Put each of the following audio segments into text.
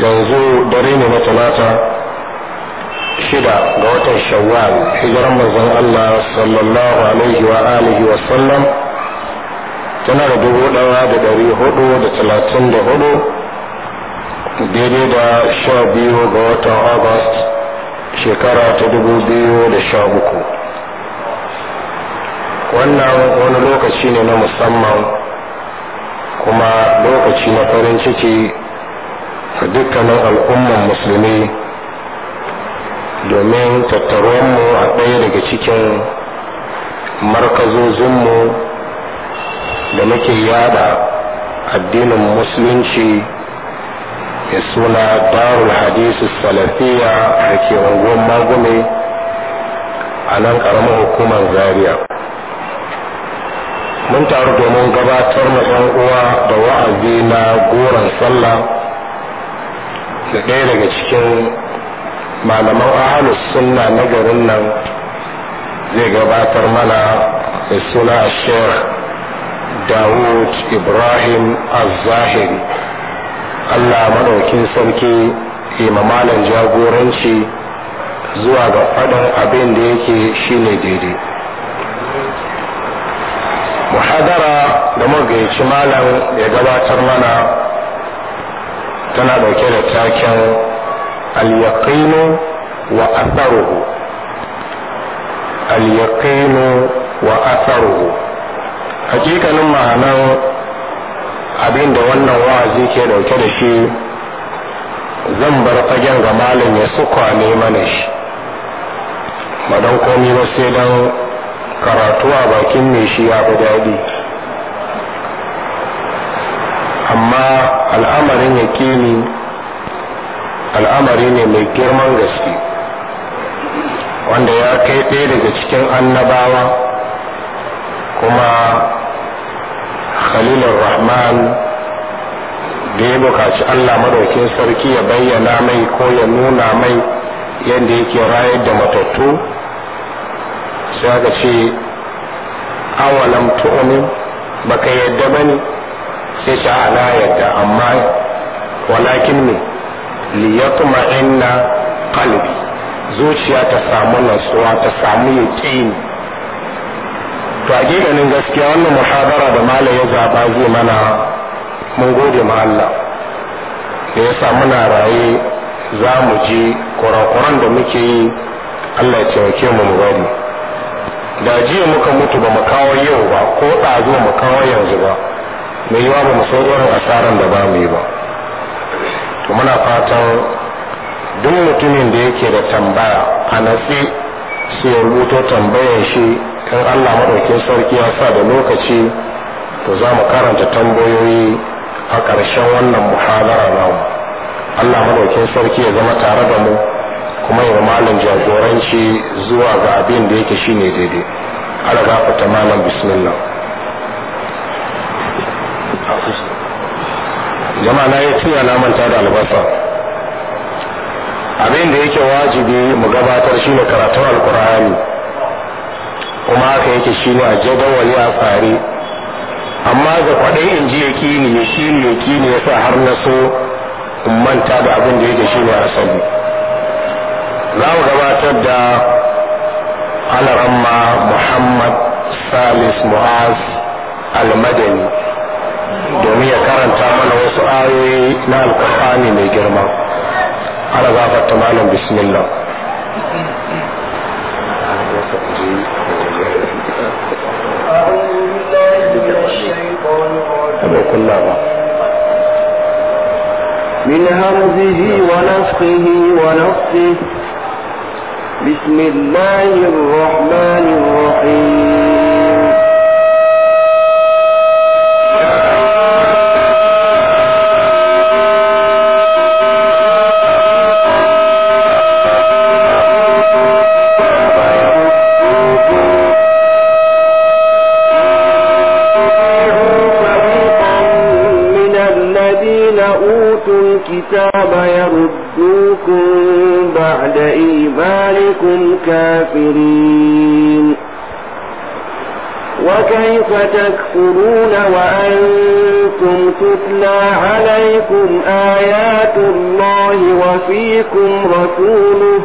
yanzu dare ne na talata shida ga watan shawwal hijiran manzon Allah sallallahu alaihi wa alihi wa sallam tana da dubu ɗaya da ɗari hudu da talatin da hudu daidai da sha biyu ga watan agust shekara ta dubu biyu da sha uku wannan wani lokaci ne na musamman kuma lokaci na farin ciki da dukkanin al'umman musulmi domin tattaronmu a ɗaya daga cikin markazozinmu da muke yada addinin musulunci ya suna darul hadisu salafiya da ke unguwar magume a nan ƙaramin hukumar zaria mun taru domin gabatar na 'yan uwa da wa'azi na goron sallah da ɗaya daga cikin malaman ahalus sunna na garin nan zai gabatar mana da suna sheikh dawud ibrahim az-zahiri allah maɗaukin sarki imamalan jagoranci zuwa ga faɗin abin da yake shine daidai muhadara da magayaci malam ya gabatar mana tana ɗauke da taken al wa atharuhu al wa atharuhu hakikanin ma'anar abin da wannan wa'azi ke ɗauke da shi zan bar fagen ga malam ya sukwa ne mana shi ba don komi ba sai don karatu a bakin mai shi ya fi daɗi amma al'amarin ya ni al'amari ne mai girman gaske wanda ya kai ɗaya daga cikin annabawa kuma khalilur rahman da ya bukaci allah madaukin sarki ya bayyana mai ko ya nuna mai yadda yake rayar da matattu sai aka ce awalam tu'min baka yadda bane sai ta ya yadda amma walakin me liyatuma inna qalbi zuciya ta samu nasuwa ta samu yaqini to a gaskiya wannan muhabara da malam ya zaba zai mana mun gode ma Allah da yasa muna raye za mu je kurakuran da muke yi Allah ya taimake mu mu bari da jiya muka mutu ba mu kawo yau ba ko ɗazo mu kawo yanzu ba mai yiwa ba mu san irin asaran da ba mu yi ba to muna fatan duk mutumin da yake da tambaya a natsi su ya rubuto tambayar shi in allah maɗaukin sarki ya sa da lokaci to za mu karanta tambayoyi a ƙarshen wannan muhadara namu allah maɗaukin sarki ya zama tare da mu kuma ya malam jagoranci zuwa ga abin da yake shine daidai ala fata malam bismillah jama'a na ya tuya na manta da albasa abin da yake wajibi mu gabatar shi ne karatun alkur'ani kuma haka yake ne a jadawali a tsari amma ga kwaɗai in ji ni ya shi ne yakini ya sa har na so in manta da abin da yake a sabu za mu gabatar da alaramma muhammad salis mu'az al domin ya karanta mana wasu ayoyi na alkur'ani mai girma ana ta malam bismillah من همزه ونفخه ونفخه بسم الله الرحمن الرحيم وكيف تكفرون وأنتم تتلى عليكم آيات الله وفيكم رسوله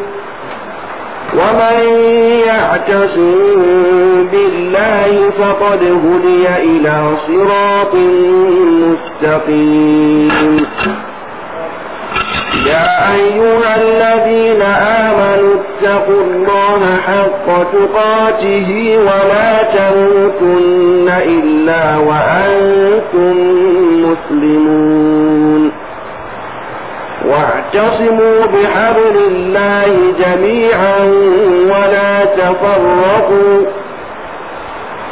ومن يعتصم بالله فقد هدي إلى صراط مستقيم يا أيها الذين آمنوا اتقوا الله حق تقاته ولا تموتن إلا وأنتم مسلمون واعتصموا بحبل الله جميعا ولا تفرقوا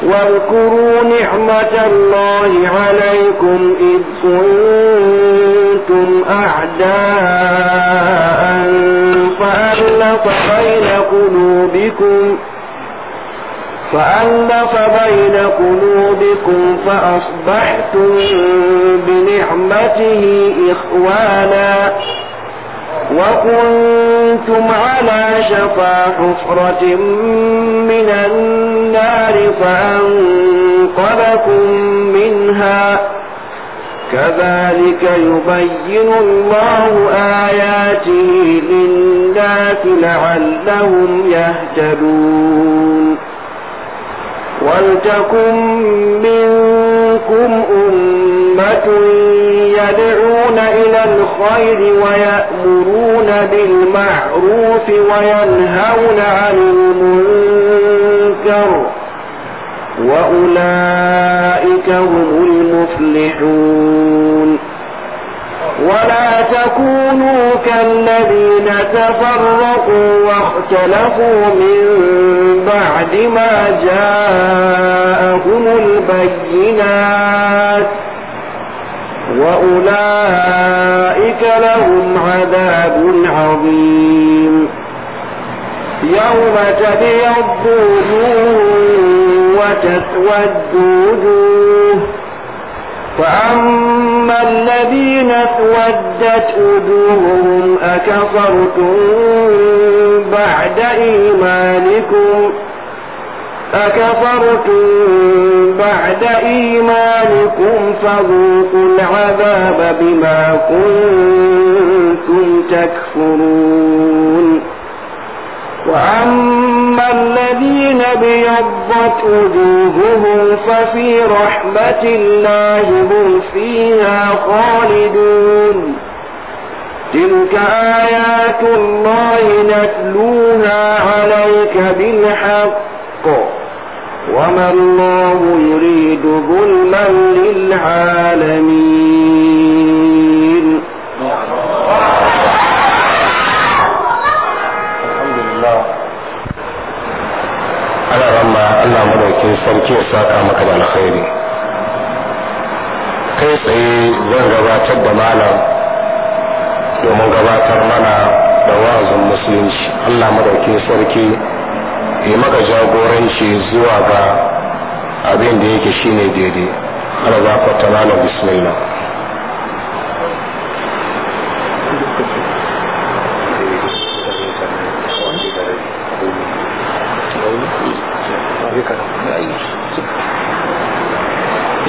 واذكروا نعمة الله عليكم إذ كنتم أعداء فألف بين قلوبكم فألف بين قلوبكم فأصبحتم بنعمته إخوانا وكنتم على شفا حفرة من النار فأنقذكم منها كذلك يبين الله آياته للناس لعلهم يهتدون ولتكن منكم أمة يدعون إلى الخير ويأمرون بالمعروف وينهون عن المنكر وأولئك هم المفلحون ولا تكونوا كالذين تفرقوا واختلفوا من بعد ما جاءهم البينات وأولئك لهم عذاب عظيم يوم تبيض وجوه وتسود وجوه وأما الذين اسودت وجوههم أكفرتم بعد إيمانكم أكفرتم بعد إيمانكم فذوقوا العذاب بما كنتم تكفرون وأما الذين بيضت وجوههم ففي رحمة الله هم فيها خالدون تلك آيات الله نتلوها عليك بالحق وما الله يريد ظلما للعالمين Allah madaukin sarki ya saka maka da alkhairi kai tsaye zan gabatar da malam domin gabatar mana da wa'azin musulunci Allah madaukin sarki ya maka jagoranci zuwa ga abin da yake shine daidai Allah za ku ta malam bismillah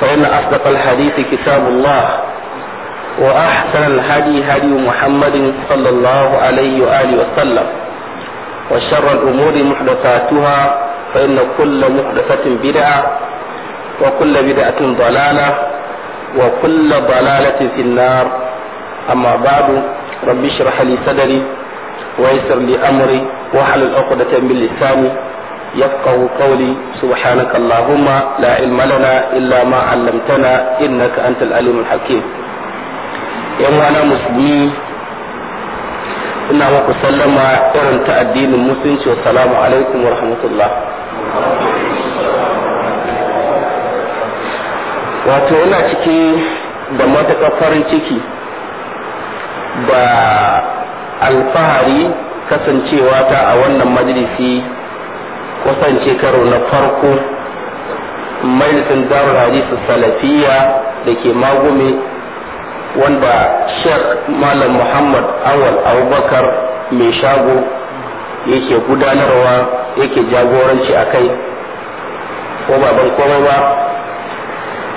فإن أصدق الحديث كتاب الله وأحسن الهدي هدي محمد صلى الله عليه وآله وسلم وشر الأمور محدثاتها فإن كل محدثة بدعة وكل بدعة ضلالة وكل ضلالة في النار أما بعد رب اشرح لي صدري ويسر لي أمري واحلل عقدة من لساني يفقه قولي سبحانك اللهم لا علم لنا إلا ما علمتنا إنك أنت العليم الحكيم يوم أنا مسلمي ina muku sallama irin ta addinin musulunci wa salamu wato ina ciki da matuƙar farin ciki da alfahari kasancewa ta a wannan majalisi kusance karo na farko majalisin darul hadisi salafiya da ke magume wanda sheikh malam muhammad awal abubakar mai shago yake gudanarwa yake jagoranci a kai ko baban komai ba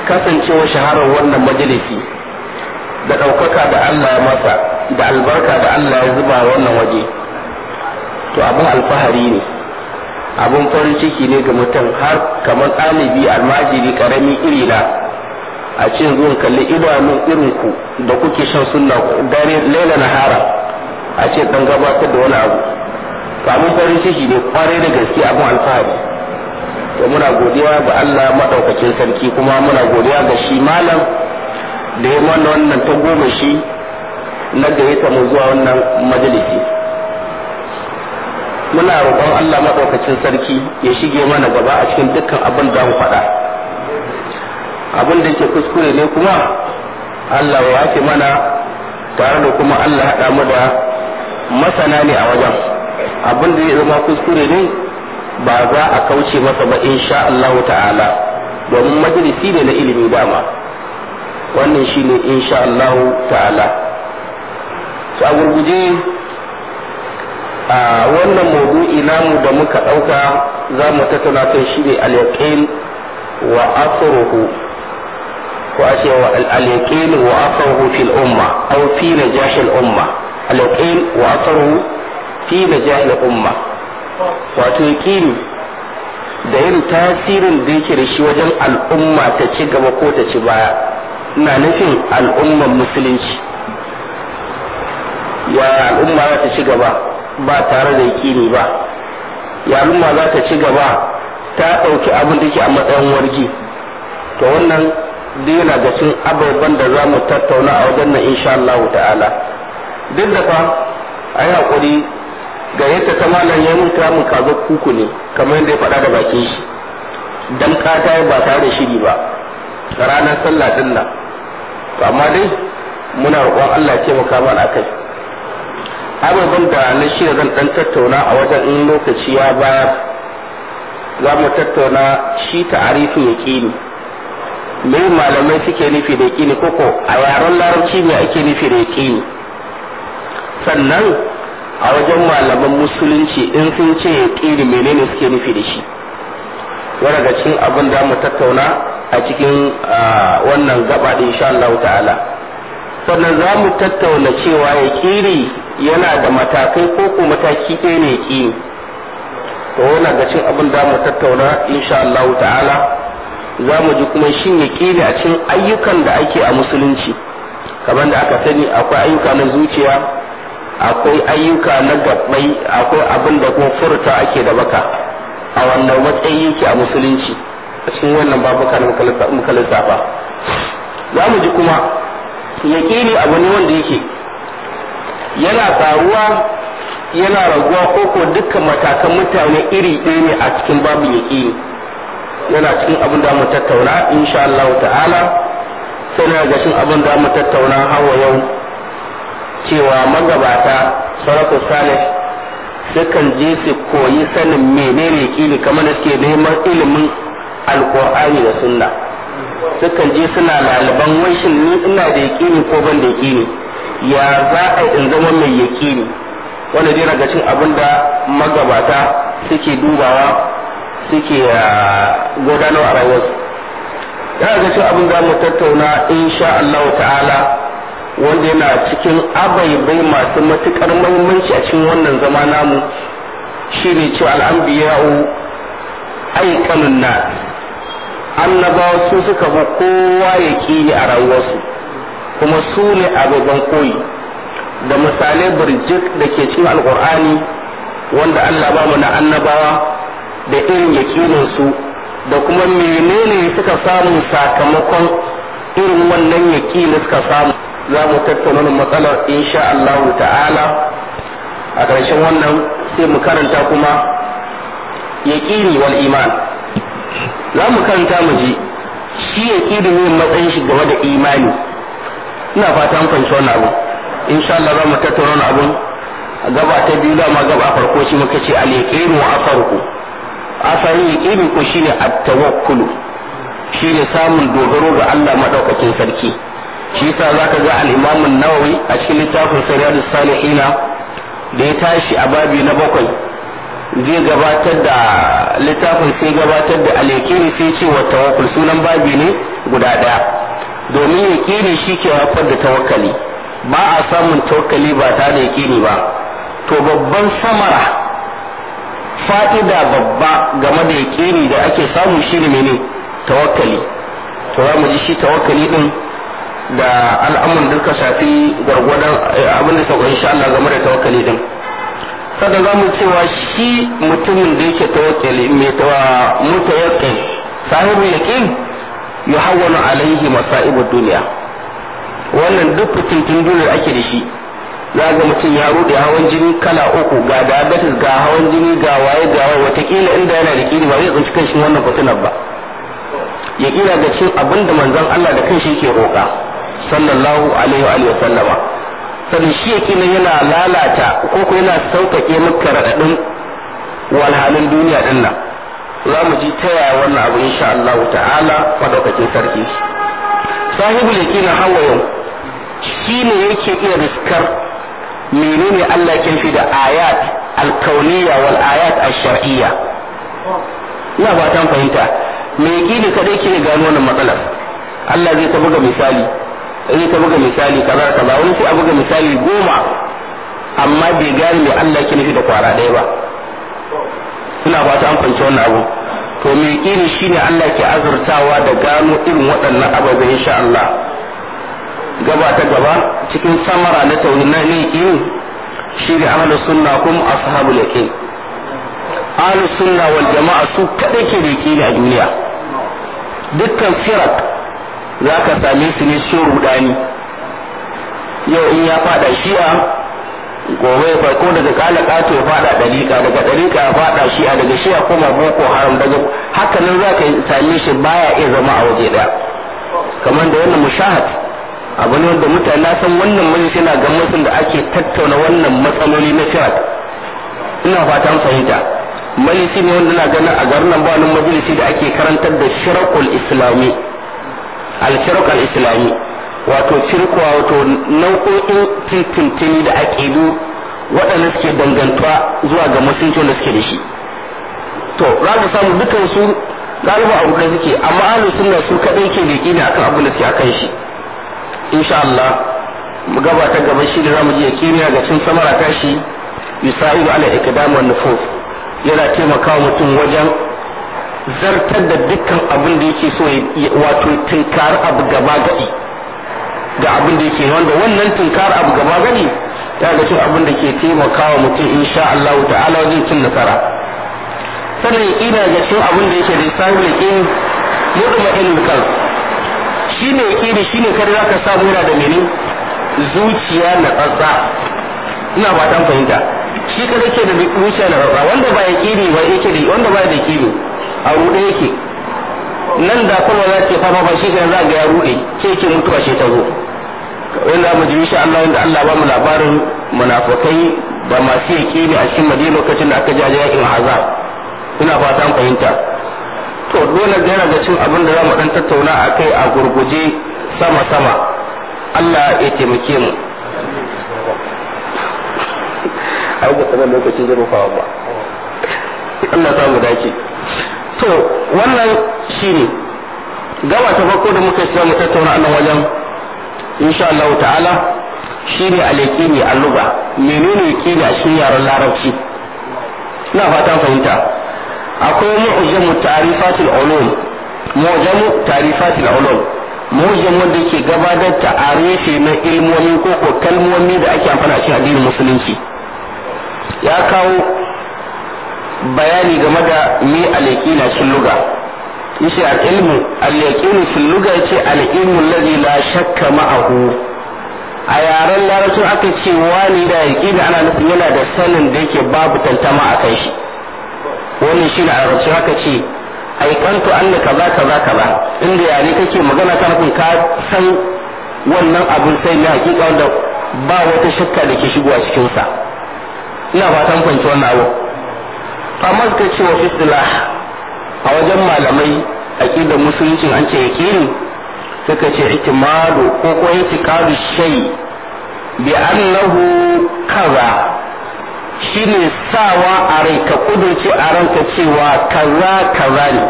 kasancewa shaharar wannan majalisi da ɗaukaka da allah ya masa da albarka da allah ya zuba wannan waje to abin alfahari ne abun farin ciki ne ga mutum har kamar ɗalibi almajiri karami iri na a cin zuwan kalli idanun irin ku da kuke shan sunna dare laila hara a ce dan gabatar da wani abu abun farin ciki ne kwarai da gaske abin alfahari to muna godiya ga Allah madaukakin sarki kuma muna godiya ga shi malam da ya mana wannan ta goma shi na gayyata mu zuwa wannan majalisi muna roƙon Allah maɗaukacin sarki ya shige mana gaba a cikin dukkan abin da mu faɗa abin da yake kuskure ne kuma Allah ya ake mana tare da kuma Allah haɗa mu da masana ne a wajen abin da zai zama kuskure ne ba za a kauce masa ba insha Allah ta'ala domin majalisi ne na ilimi dama wannan shine insha Allah ta'ala su a gurguje a wannan maudu'i namu da muka ɗauka za mu tattauna kai shi ne al-yaqin wa asruhu ko a ce wa al-yaqin wa asruhu fil umma aw fi najah al-umma al-yaqin wa asruhu fi najah al-umma wato yaqini da yin tasirin da yake da shi wajen al'umma ta ci gaba ko ta ci baya ina nufin al'ummar musulunci ya al'umma za ta ci gaba ba tare da yaƙini ba yaluma za ta ci gaba ta ɗauki abin da ke a matsayin wargi to wannan duk yana da cin ababen da za mu tattauna a wajen nan insha Allah ta'ala duk da fa a yi haƙuri ga yadda ta malam ya mun kira mun kaga kuku ne kamar yadda ya faɗa da bakin shi dan ta ba tare da shiri ba ranar sallah din to amma dai muna roƙon Allah ya taimaka mana akai abubuwan da na shirya zan dan tattauna a wajen in lokaci ya ba za mu tattauna shi ta'arifin kini me malamai suke nufi da kini koko a yaren larabci me ake nufi da kini sannan a wajen malaman musulunci in sun ce ya yaqini menene suke nufi da shi wani cikin abin da mu tattauna a cikin ah, wannan gaba da insha Allah ta'ala sannan za mu tattauna cewa ya kiri yana da matakai ko ko mataki ɗaya ne ki to yana ga cin abin da mu tattauna insha Allah ta'ala za mu ji kuma shin ya kiri a cikin ayyukan da ake a musulunci kamar da aka sani akwai ayyuka na zuciya akwai ayyuka na gabbai akwai abin da kuma furta ake da baka a wannan matsayi yake a musulunci a cikin wannan babuka na muka lissafa za mu ji kuma yaƙini abu ne wanda yake yana faruwa yana raguwa koko ko dukkan matakan mutane iri ɗaya ne a cikin babu yaƙini yana cikin abin da mu tattauna insha Allah ta'ala sai na ga cikin abin da mu tattauna hawa yau cewa magabata sarakun salih sukan je su koyi sanin menene yaƙini kamar da suke neman ilimin alƙur'ani da sunna sukan je suna laliban wanshin ni ina da yaƙini ko ban da yaƙini ya za a in zama mai yaƙini wanda dai daga cin abin da magabata suke dubawa suke ah, gudanar a rayuwarsu ya ga cin abin za mu tattauna insha Allah ta'ala wanda yana cikin abaibai masu matukar muhimmanci a cikin wannan zama namu shine cewa al'anbiya'u aikanun nas annabawa su suka fi kowa ya ni a rayuwarsu kuma su ne ababen koyi da misalai birjik da ke cikin alkur'ani wanda allah ba mu na annabawa da irin su da kuma menene suka samu sakamakon irin wannan yakini suka samu za mu tattauna matsalar insha allahu ta'ala a ƙarshen wannan sai mu karanta kuma yaƙini wal iman za mu karanta mu ji shi ya ƙi da matsayin shi game da imani ina fata an fahimci abu sha Allah za mu tattauna abun a gaba ta biyu za mu gaba farko shi muka ce a al yaqiru wa afarku asarin yaqini ko ne at tawakkulu ne samun dogaro ga Allah maɗaukakin sarki shi za ka ga al'imamun nawawi a cikin littafin Sirriyadus Salihina da ya tashi a babi na bakwai zai gabatar da littafin sai gabatar da alekiri sai ce wa tawakkul sunan babi ne guda daya domin yakini shi ke haifar da tawakkali ba a samun tawakkali ba ta da yakini ba to babban samara fa'ida babba game da yakini da ake samu ne mene tawakkali to za mu ji shi tawakkali din da al'amuran duka shafi gwargwadon eh, abin da sauka insha Allah game da tawakkali din kada za mu cewa shi mutumin da yake tawakkali mai tawa mutawakkil sahibu yaqin yuhawwalu alaihi masaibu duniya wannan duk fitintun duniya ake da shi za ga mutum ya rude hawan jini kala uku ga diabetes ga hawan jini ga waye ga waye watakila inda yana da kiri ba zai tsinci kanshi wannan fitinar ba ya kira ga cin abinda da manzon Allah da kanshi yake roka sallallahu alaihi wa sallama sanin shi yake nan yana lalata ko ko yana sauƙaƙe muka raɗaɗin walhalin duniya ɗin nan za mu ji ta yaya wannan abu insha Allah ta'ala madaukakin sarki yake na hawa yau shi ne yake iya riskar menene Allah ke fi da ayat alkauniya wal ayat ash-shar'iyya ina fatan fahimta me yaqini kadai ke gano wannan matsalar Allah zai tafi ga misali in ka buga misali kaza kaza wani sai a buga misali goma amma bai gane mai Allah ke nufi da kwara ɗaya ba suna ba ta amfance wannan abu to me iri shine Allah ke azurtawa da gano irin waɗannan ababen insha Allah gaba ta gaba cikin samara na tauni na ne iri shi ne ahlus sunna kuma ashabul yaqin ahlus sunna wal jama'a su kadai ke da a duniya dukkan firak za ka same su ne sun rudani yau in ya fada shi'a gobe ya farko daga kala to ya fada dalika daga dalika ya fada shi'a daga shi'a kuma boko haram daga haka nan za ka same shi baya iya zama a waje daya kamar da wannan mushahad abu ne wanda mutane na san wannan majalisa yana ga da ake tattauna wannan matsaloli na shirat ina fatan fahimta majalisi ne wanda na ganin a garin nan ba wani majalisi da ake karantar da shirakul islami al-shirk islami wato shirku wato nau'o'in tintintini da aqidu waɗanda suke dangantuwa zuwa ga musulunci da suke da shi to za samu dukan su galiba abu da suke amma ahlus sunna su kadai ke da kina akan abu da suke akan shi insha Allah mu gaba ta gaba shi da zamu je kimiyya ga cin samara tashi yusa'idu ala ikdam wan yana taimakawa mutum wajen zartar da dukkan abin da yake so wato tunkar abu gaba gadi ga abin da yake wanda wannan tunkar abu gaba gadi ya ga cin abin da ke taimakawa mutum insha Allah ta'ala wajen cin nasara sannan ina ga cin abin da yake da samun in yadda ilmi kan shi ne da shi ne kada za ka samu da menene zuciya na tsatsa ina ba fahimta shi kada ke da zuciya na rarra wanda ba ya kiri ba yake da wanda ba da kiri a rude yake nan da kuma za ce fama ba shi kenan za ga ya rude ke ke mutuwa shi ta zo wanda mu ji insha Allah wanda Allah ba mu labarin munafikai ba masu yaqini a cikin madina lokacin da aka jaje yakin azab ina fata fahimta to dole da ga cin abin da za mu dan tattauna akai a gurguje sama sama Allah ya taimake mu har da lokacin zai rufawa ba Allah mu dace to wannan shine gaba ta farko da muka shiga mu tattauna a nan wajen insha Allah ta'ala shine al ne a lugha menene yaqini a cikin larabci ina fatan fahimta akwai mu'jamu ta'rifatul ulum mu'jamu ta'rifatul ulum mu'jam wanda yake gabatar da na ilmomi ko ko kalmomi da ake amfana a cikin addinin musulunci ya kawo bayani game da mi al-yaqina fil yace al-ilmu al-yaqinu fil yace al-ilmu alladhi la shakka ma'ahu a yaren larabci aka ce wani da yaqini ana nufin yana da sanin da yake babu tantama a kai shi wannan shi na arabci haka ce aikantu ka kaza kaza kaza inda yare kake magana ka nufin ka san wannan abin sai ne hakika wanda ba wata shakka da ke shigowa cikin sa ina fatan kwanci wannan abu amma suka ce wa fisdilah a wajen malamai da musulunci an ce yaqini suka ce itimadu ko ko Shai. shay bi annahu kaza shine sawa a rai ka kudurci a ranka cewa kaza kaza ne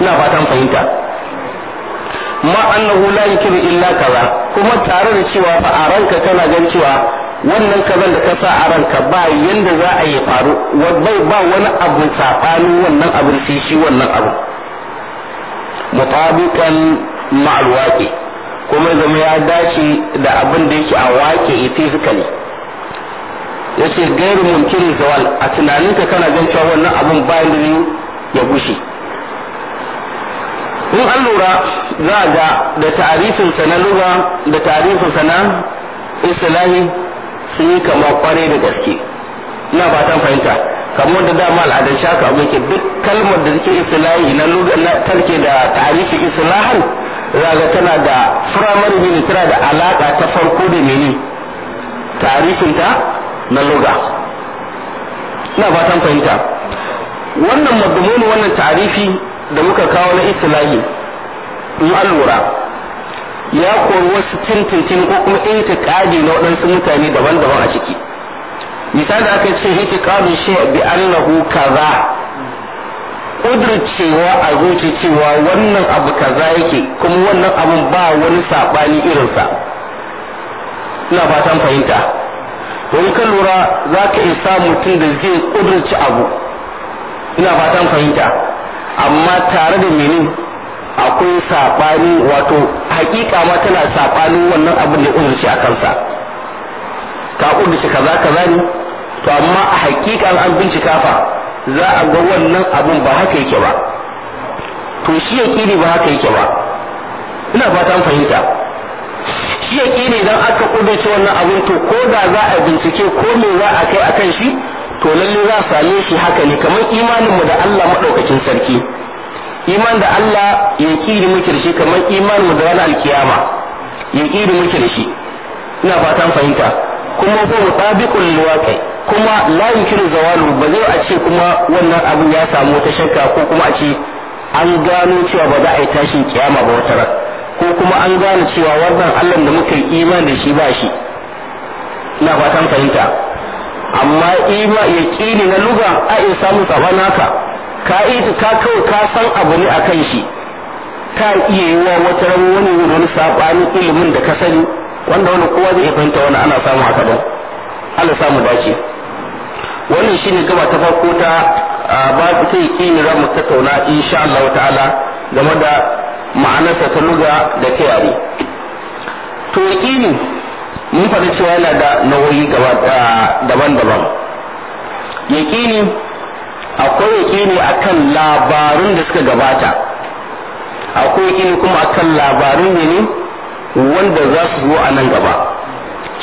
ina fatan fahimta ma annahu la yukiru illa kaza kuma tare da cewa fa a ranka kana gan cewa wannan kazan da ka sa a ranka ba yanda za a yi faru bai ba wani abu sabanin wannan abin sai shi wannan abu mutabiqan ma'al waqi kuma zama ya dace da abin da yake a waqi physically yace gairu mumkin zawal a tunaninka kana gan cewa wannan abun ba da ya gushe in an lura za a ga da ta'arifinsa na lura da ta'arifinsa na islahi sun yi kama kwarai da gaske ina ba ta fahimta kamar da dama al'adar shaka abu ke duk kalmar da suke islahi na tarke da tarifin islahan za ga tana da firamare mini tana da alaka ta farko da mini ta'arifinta na lura ina ba ta fahimta wannan madumuni wannan ta'arifi da muka kawo na itilahi in lura. ya kori wasu tintintin ko kuma intiqadi na waɗansu mutane daban-daban a ciki misali aka ce intiqadin shi bi annahu kaza kudurcewa a zuci cewa wannan abu kaza yake kuma wannan abun ba wani saɓani irinsa ina fatan fahimta don ka lura za ka isa mutum da zai kudurci abu ina fatan fahimta amma tare da mene akwai saɓani wato hakika ma tana saɓanin wannan abin da uzurci a kansa ka kudurci kaza kaza ne to amma a hakikan an bincika fa za a ga wannan abin ba haka yake ba to shi yaƙini ba haka yake ba ina fata an fahimta shi yaƙini idan aka kudurci wannan abin to ko da za a bincike ko me za a kai akan shi to lalle za a same shi haka ne kamar imanin mu da Allah madaukakin sarki iman da Allah ya kiri muke da shi kamar imanin mu da ranar alkiyama kiri muke da shi ina fatan fahimta kuma ko mutabiqul liwaqi kuma la yumkinu zawalu ba zai a ce kuma wannan abin ya samu ta shakka ko kuma a ce an gano cewa ba za a yi tashin kiyama ba wata ko kuma an gano cewa wannan Allah da muke imani iman da shi ba shi ina fatan fahimta amma ima ƙini na luga a in samu sabana ka ka ita ka kawai ka san abu ne akan shi ka iya yi wa wata ran wani wani saɓani ilimin da ka sani wanda wani kowa zai fahimta wani ana samu haka don Allah samu dace wannan shine gaba ta farko ta ba su ta ƙini za mu tattauna insha Allah ta'ala game da ma'anarsa ta luga da ta yare to ƙini. mun faɗi cewa yana da nau'o'i daban-daban yaƙini akwai yaƙini akan labarun da suka gabata akwai ne kuma akan labarun ne wanda za su zo a nan gaba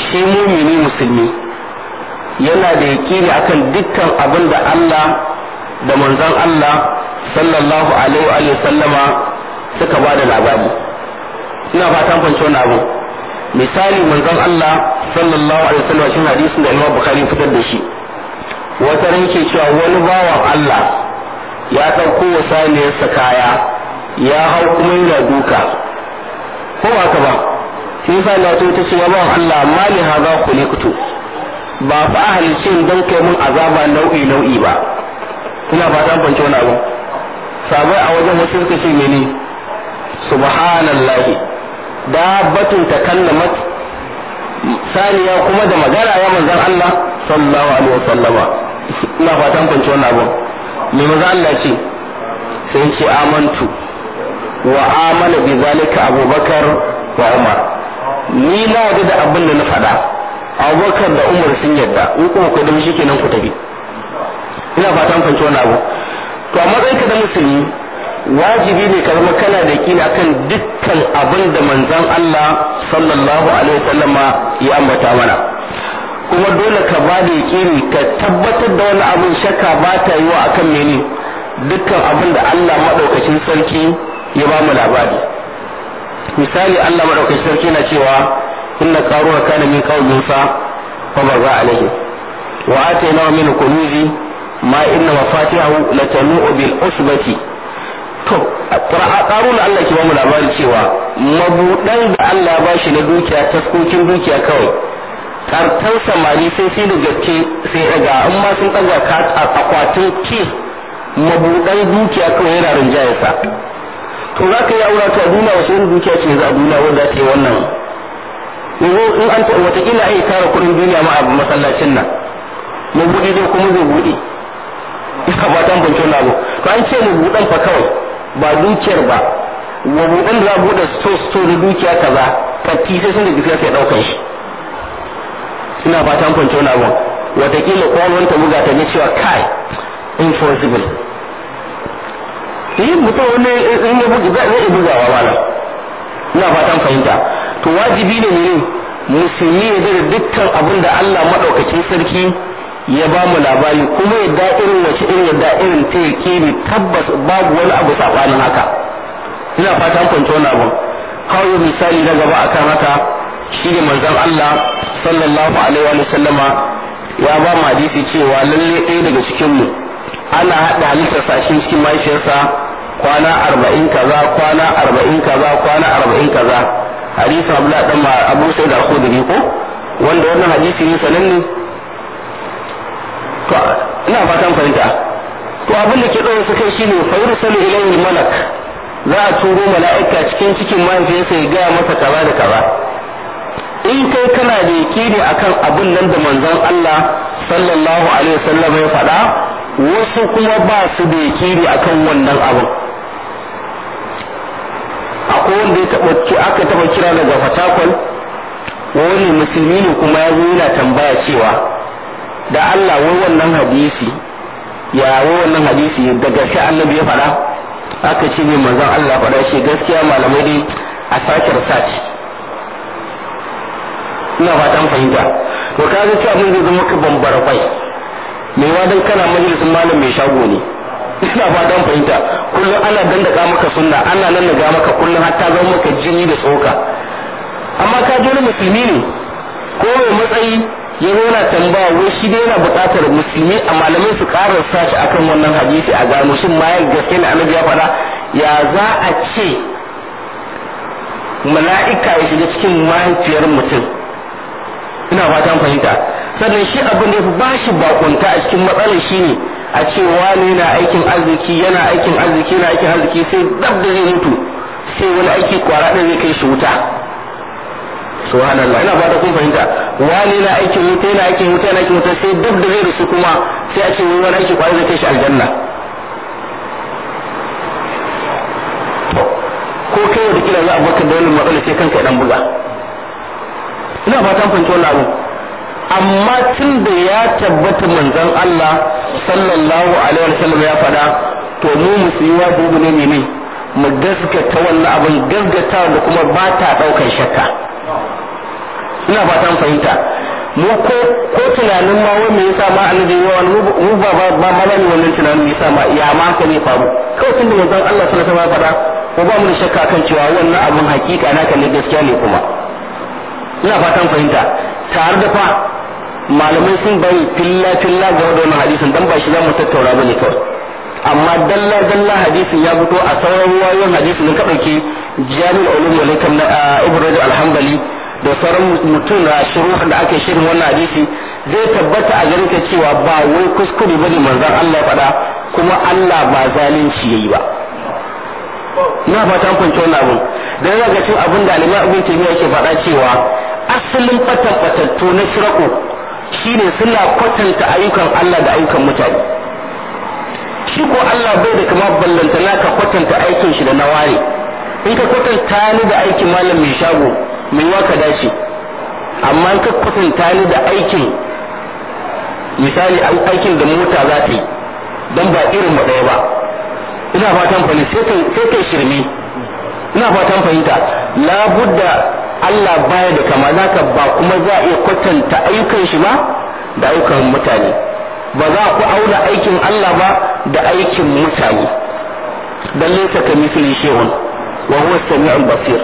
shi mumini musulmi yana da yaƙini akan dukkan abin da Allah da manzon Allah sallallahu alaihi wa sallama suka ba da labari ina fatan fahimci wani abu misali manzon Allah sallallahu alaihi wasallam shi hadisin da Imam Bukhari fitar da shi wata ran ke cewa wani bawan Allah ya ɗauko wasaniyarsa kaya ya hau kuma yana duka ko haka ba sai Allah ta ce ya bawan Allah mali hadha khuliqtu ba fa ahalicin dan kai mun azaba nau'i nau'i ba ina fata dan banke wani abu sabai a wajen wasu suka ce mene subhanallahi dabbatun takallamat saniya kuma da magana ya manzan Allah sallallahu alaihi Sallama ina fatan kun ci wannan abun me manzan Allah ce sai ya ce amantu wa amana bi zalika abubakar wa umar ni na ga da abin da na faɗa abubakar da umar sun yadda in kuma ku dami shikenan ku tafi ina fatan kun ci wannan abun to a matsayin ka da musulmi wajibi ne ka zama kana da kina kan dukkan abin da manzon Allah sallallahu alaihi wasallam ya ambata mana kuma dole ka ba da yakini ka tabbatar da wani abin shakka ba ta yi wa akan mene dukkan abin da Allah madaukakin sarki ya ba mu labari misali Allah madaukakin sarki na cewa inna qaruna kana min qaumi sa fa baza alaihi wa atayna min kunuzi ma inna mafatihahu latanu bil usbati to na Allah ke ba mu labari cewa mabuɗan da Allah ba shi na dukiya taskokin dukiya kawai tartan samari sai sai da gaske sai daga in ma sun a akwatin ki mabuɗan dukiya kawai yana rinjayarsa to za ka yi aura ta duna duniya wasu irin dukiya ce za a duniya wanda ta yi wannan yanzu in an taɓa watakila a yi tara kuɗin duniya ma a masallacin nan mu buɗe dai kuma zai buɗe ina fatan ban kyau na abu to an ce mu buɗan fa kawai ba dukiyar ba wanda za a buɗe sto-sto na dukiya kaza ka sai sun da tafiya sai ɗaukan shi suna fatan an kwanci wani abuwa watakila kwallon ta buga ta ne cewa kai impossible Yin eh, mutum wani in ya buga zai iya wa mana ina fatan fahimta to wajibi ne ne musulmi ya da dukkan abin da Allah maɗaukakin sarki ya ba mu labari kuma ya irin wace irin yadda irin ta kini tabbas babu wani abu saɓanin haka ina fata an wani wannan abu kawai misali na gaba akan haka shi ne manzon Allah sallallahu alaihi wa sallama ya ba mu hadisi cewa lalle ɗaya daga cikin mu ana haɗa halittar sashin cikin mahaifiyarsa kwana arba'in kaza kwana arba'in kaza kwana arba'in kaza hadisin Abdullahi dan Abu sai da ko wanda wannan hadisi ne sananne to ina fatan fahimta to abin da ke ɗora su kai shine fa yursalu ilayhi malak za a turo mala'ika cikin cikin mahaifiyarsa ya gaya masa kaza da kaza in kai kana da yakini akan abin nan da manzon Allah sallallahu alaihi wasallam ya faɗa wasu kuma ba su da yakini akan wannan abin akwai wanda ya taɓa aka taɓa kira daga fatakwal wani musulmi ne kuma ya zo yana tambaya cewa da Allah wai wannan hadisi ya wai wannan hadisi da gaske annabi ya faɗa aka ce mai manzon Allah fara shi gaskiya malamai dai a sake research ina fatan fahimta to ka ga cewa abin zai zama ka bambara kai mai wadan kana majalisin malam mai shago ne ina fatan fahimta kullum ana dandaka maka sunna ana nan ga maka kullum har ta zama maka jini da tsoka amma ka ji musulmi ne ko mai matsayi ya nuna tambaya wai shi dai yana buƙatar musulmi a malamai su ƙara sashi akan wannan hadisi a gano shin ma ya gaske na annabi ya faɗa ya za a ce mala'ika ya shiga cikin mahaifiyar mutum ina fatan fahimta sannan shi abin da ya fi ba shi bakunta a cikin matsalar shi ne a ce wani yana aikin arziki yana aikin arziki yana aikin arziki sai dab da zai mutu sai wani aiki kwara ɗin zai kai shi wuta subhanallah ina fata kun fahimta wani na aikin wuta yana aikin wuta yana aikin wuta sai duk da zai rusu kuma sai a ce wani wani aiki kwarai zai kai shi aljanna ko kai wata kila za a baka da wani matsala sai kanka dan buga ina fata kun fahimta wannan abu amma tun da ya tabbata manzon Allah sallallahu alaihi wasallam ya faɗa to mu wa dubu ne ne mu gaskata wannan abin gaskata da kuma ba ta daukar shakka ina fatan fahimta mu ko ko tunanin ma wani yasa ma annabi wani mu ba ba ba ma ne wannan tunanin ya sa ma ya ma ka ne faru kawai tunda manzon Allah sallallahu alaihi wasallam faɗa ko ba mu da shakka kan cewa wannan abun hakika na kalle gaskiya ne kuma ina fatan fahimta tare da fa malamai sun bari filla filla ga wannan hadisin dan ba shi za mu tattauna bane kawai amma dalla dalla hadisin ya fito a sauran ruwayoyin hadisin ka dauke jami'ul ulum walakin ah, ibnu al-hanbali da sauran mutum da shiru da ake shirin wannan hadisi zai tabbata a garin ka cewa ba wai kuskure ba ne manzan Allah faɗa kuma Allah ba zalunci yayi ba ina fata kun ci wannan da yana ga cin abin da alimai abin ke yake faɗa cewa asalin fatan fatattu na shirako shine suna kwatanta ayyukan Allah da ayyukan mutane shi ko Allah bai da kamar ballantana ka kwatanta aikin shi da na ware in ka kwatanta ni da aikin malam mai shago mai waka dace amma in ka kwatanta ni da aikin misali aikin da mota za ta yi don ba irin ba ɗaya ba ina fatan fahimta sai kai shirme ina fatan fahimta labudda Allah baya da kama zaka ba kuma za a iya kwatanta ayyukan shi ba da ayyukan mutane ba za ku auna aikin Allah ba da aikin mutane don laisa ka misali shehun wa huwa samiul basir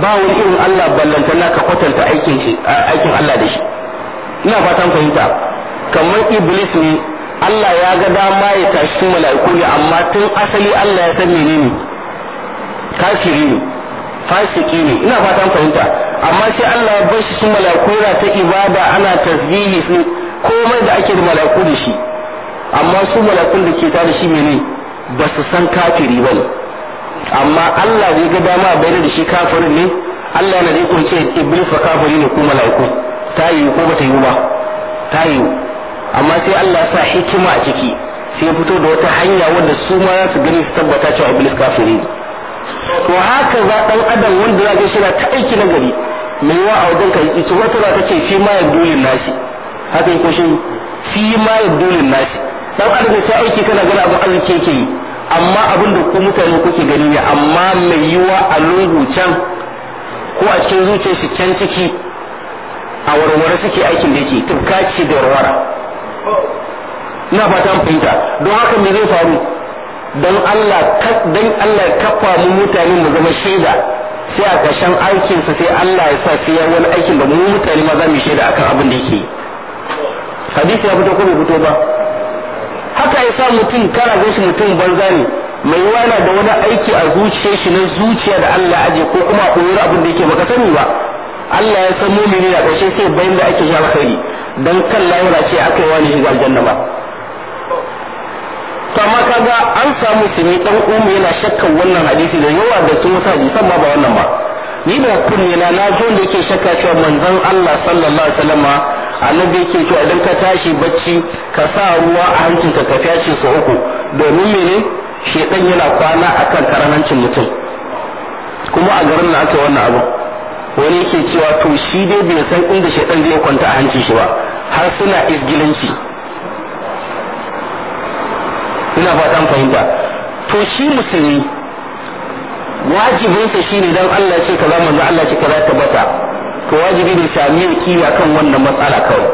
ba wani irin Allah ballanta ka kwatanta aikin shi aikin Allah da shi ina fatan fahimta kamar iblis ne Allah ya ga dama ya tashi mala'iku ne amma tun asali Allah ya san menene kafiri ne fasiki ne ina fatan fahimta amma sai Allah ya bar shi su mala'iku yana ta ibada ana tasbihi su komai da ake da mala'iku da shi amma su mala'ikun da ke tare shi menene ba su san kafiri ba ne amma Allah zai ga dama bayyana da shi kafirin ne Allah yana da iko ce iblis fa kafiri ne ko mala'iku ta yi ko bata yi ba ta yi amma sai Allah ya sa hikima a ciki sai fito da wata hanya wanda su ma za su gani su tabbata cewa iblis kafiri to haka za dan adam wanda ya ga shi na ta aiki na gari mai wa a wajen kai ita wata za ta ce fi ma yabdulin nasi haka ko shi fi ma yabdulin nasi dan adam sai aiki kana gani abu arziki yake yi amma abin da ku mutane kuke gani ne amma mai yiwa a lungu can ko a cikin zuciyar shi can ciki a warware suke aikin da yake tufka ce da warwara ina fata an fahimta don haka me zai faru don Allah dan Allah kafa mu mutane mu zama shaida sai a aikin aikinsa sai Allah ya sa sai ya wani aikin da mu mutane ma za mu shaida akan abin da yake hadisi ya fito ko bai fito ba haka ya sa mutum kana ga shi mutum banza ne mai yawa yana da wani aiki a zuciyar shi na zuciya da Allah aje ko kuma koyar abin da yake baka sani ba Allah ya san mumini a ƙarshe sai bayan da ake sha alkhairi dan kan lahira ce aka yi wani shiga aljanna ba to amma kaga an samu musulmi dan umu yana shakkan wannan hadisi da yawa da sun wasu hadisan ma ba wannan ba ni ba kunne na na zo da yake shakka cewa manzon Allah sallallahu alaihi wasallam annabi yake cewa idan ka tashi bacci ka sa ruwa a hancinka ka fyace su uku domin me ne shedan yana kwana akan karanancin mutum kuma a garin na aka wannan abu wani yake cewa to shi dai bai san inda shedan zai kwanta a hancin shi ba har suna isgilanci ina fatan fahimta to shi musulmi wajibinsa shine dan Allah ce kaza manzo Allah ce kaza tabbata ka wajibi ne sami kiwa kan wannan matsala kawai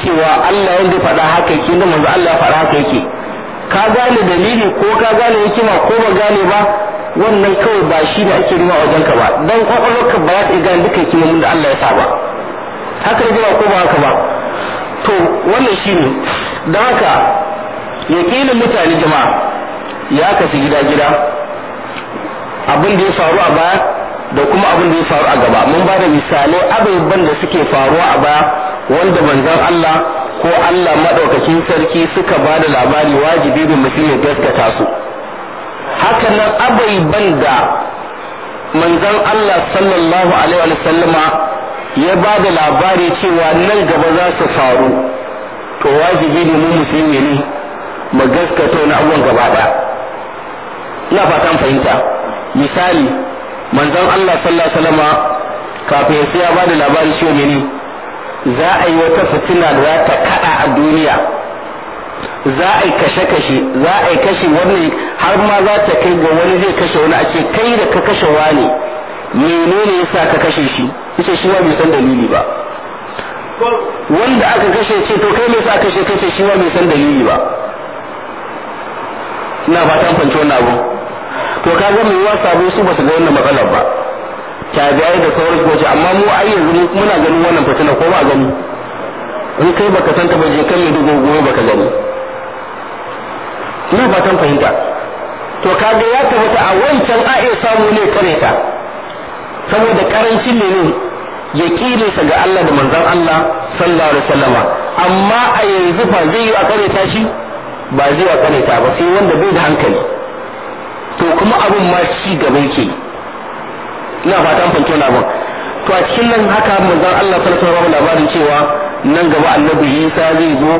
cewa Allah yanda faɗa haka yake da manzo Allah faɗa haka yake ka gane dalili ko ka gane hikima ko ba gane ba wannan kawai ba shi ne ake rima wajen ka ba dan kwakwalwarka ba za ta gane duka hikimomin da Allah ya sa ba haka ne ko ba haka ba to wannan shi ne don haka yakinin mutane jama'a ya kasu gida-gida abin da ya faru a baya da kuma abin da ya faru a gaba mun ba da misalai abubuwan da suke faruwa a baya wanda manzon Allah ko Allah madaukakin sarki suka ba da labari wajibi ga mutum ya gaskata su hakan nan abubuwan da manzon Allah sallallahu alaihi wa sallama ya ba da labari cewa nan gaba za su faru to wajibi ne mu musulmi ne mu gaskata na abubuwan gaba ɗaya ina fatan fahimta misali manzon Allah sallallahu alaihi wasallama kafin ya siya labarin da shi ne za a yi wata fitina da za ta kada a duniya za a yi kashe-kashe za a yi kashe wani har ma za ta kai ga wani zai kashe wani a ce kai da ka kashe wani menene yasa ka kashe shi yace shi bai san dalili ba wanda aka kashe ce to kai me yasa kashe kace shi bai san dalili ba ina fatan fanci wannan abu to ka ga mai yiwa sabo su ba su ga wannan matsalar ba tabi'ai da sauran goce amma mu ai yanzu muna ganin wannan fitina ko ba gani in kai baka san ba je kan mai dogon goyo baka gani ina fatan fahimta to ga ya tabbata a wancan a iya samu ne kare ta saboda karancin ne ne ya kire sa ga Allah da manzon Allah sallallahu alaihi wasallama amma a yanzu ba zai yi a kare ta shi ba zai a kare ta ba sai wanda bai da hankali to kuma abin ma ci gaba yake ina fatan fanto na ban to a cikin nan haka manzon Allah sallallahu alaihi wasallam labarin cewa nan gaba annabi Isa zai zo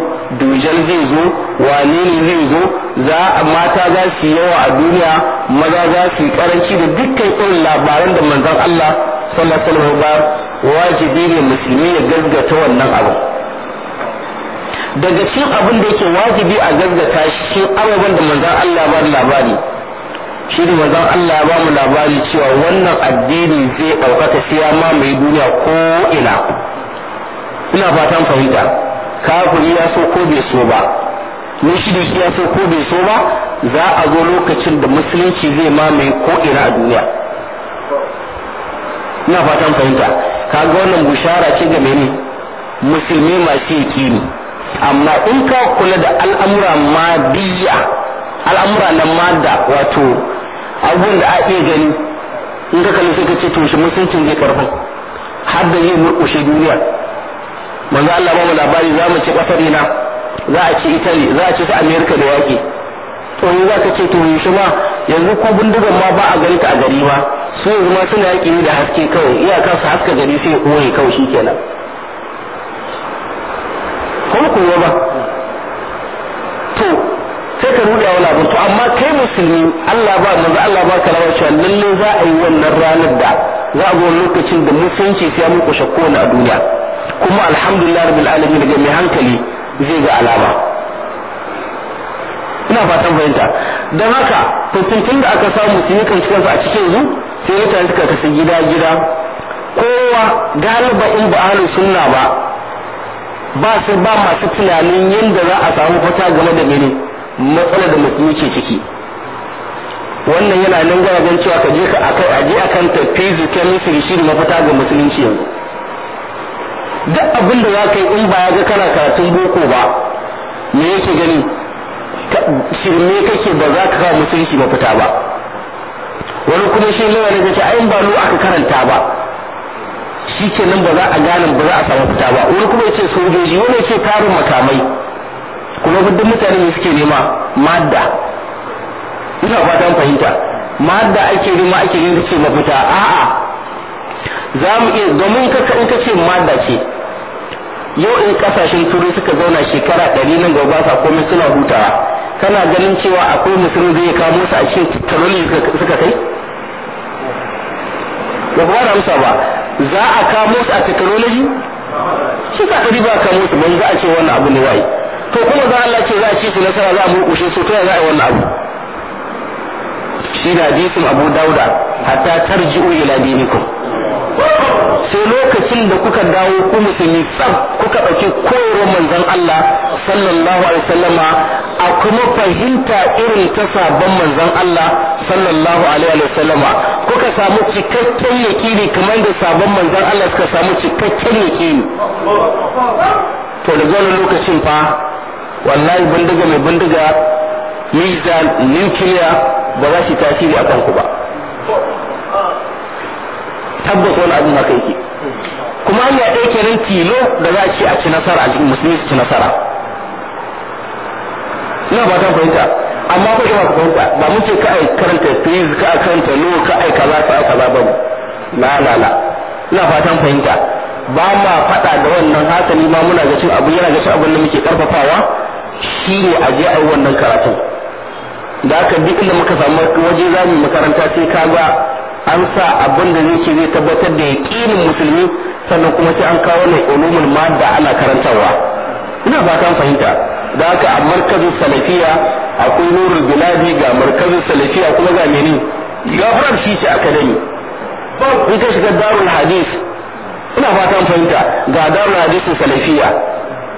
dujal zai zo wane ne zai zo za mata za su yawa a duniya maza za su karanci da dukkan irin labaran da manzon Allah sallallahu alaihi wasallam ba wajibi ne musulmi ya gaggata wannan abu daga cikin abin da yake wajibi a gaggata shi ababen da manzon Allah ba labari shi ne manzon Allah ya mu labari cewa wannan addini zai ɗaukaka siya ya mamaye duniya ko ina ina fatan fahimta kafiri ya so ko bai so ba mushriki ya so ko bai so ba za a zo lokacin da musulunci zai mamaye ko ina a duniya ina fatan fahimta ga wannan bushara ce ga mene musulmi masu yakini amma in ka kula da al'amura ma biya al'amura na mada wato abubuwan da ake gani in ka kalli sai ka ce to shi musuncin zai karfin har da zai murƙushe duniya manzo Allah ba mu labari za mu ci kasar ina za a ci Italy za a ci su America da wake to yanzu za ka ce to yanzu ma yanzu ko bindigan ma ba a gari ta a gari ba su yanzu ma suna yaki ni da haske kawai iyaka su haska gari sai koyi kawai shikenan kuma koyo ba to sai ka rudawa labar to amma kai musulmi Allah ba manzo Allah ba ka rawa cewa lalle za a yi wannan ranar da za a zo lokacin da musulunci sai mun kushe kowane a duniya kuma alhamdulillah rabbil alamin daga mai hankali zai ga alama ina fatan fahimta don haka mutun-tuntun da aka samu su yi kanci kansu a cikin zu sai mutane suka kasu gida gida kowa galiba in ba ahlus sunna ba ba su ba masu tunanin yadda za a samu fata game da mene matsalar da musulmi ke ciki wannan yana nan gwaragen cewa ka je ka a je akan zuciyar physical shi da mafita ga musulunci yanzu duk abin da za ka yi in ba ya ga kana karatun boko ba me yake gani shirme kake ba za ka kawo musulunci mafita ba wani kuma shi ne wani zai ce ai ba lu aka karanta ba shi nan ba za a gane ba za a samu fita ba wani kuma ya ce sojoji wani ya ce tarin makamai kuma duk mutane ne suke nema madda ina fatan fahimta madda ake nema ake yin ce mafita a'a za mu iya domin ka in ka ce madda ce yau in kasashen turai suka zauna shekara ɗari nan gaba sa komai suna hutawa kana ganin cewa akwai musulmi zai kamo su a cikin taroli suka kai ba kuma da amsa ba za a kamo su a technology shi ka ɗari ba kamo su ban za a ce wannan abu ne waye to kuma za Allah ce za a ci su nasara za a murƙushe su to ya za a yi wannan abu shi da hadisin Abu Dauda hatta tarji'u ila dinikum sai lokacin da kuka dawo ku musulmi tsab kuka ɗauki koyarwar manzon Allah sallallahu alaihi wasallama a kuma fahimta irin ta sabon manzon Allah sallallahu alaihi wasallama kuka samu cikakken yakini kamar da sabon manzon Allah suka samu cikakken yakini to da wannan lokacin fa wallahi bindiga mai bindiga mizan nukiliya ba za shi tasiri a kanku ba tabbas wani abin haka yake kuma hanya ɗaya kenan tilo da za a ci a ci nasara a cikin musulmi su ci nasara ina ba ta fahimta amma ko ina ku fahimta ba mun ce ka karanta fiz ka ai karanta lo ka ai kaza ka kaza ba la la la ina fatan fahimta ba ma faɗa da wannan haka ni ma muna ga cin abu yana ga cin abin da muke karfafawa shi ne a je a yi wannan karatun da aka duk inda muka samu waje za mu makaranta sai ka ga an sa abin da zai ce zai tabbatar da yaƙinin musulmi sannan kuma sai an kawo ne ulumul madda ana karantarwa ina fatan fahimta da aka a markazin salafiya akwai nurul biladi ga markazin salafiya kuma ga mene gafarar shi ce akademi in ka shiga darul hadis ina fatan fahimta ga darul hadisin salafiya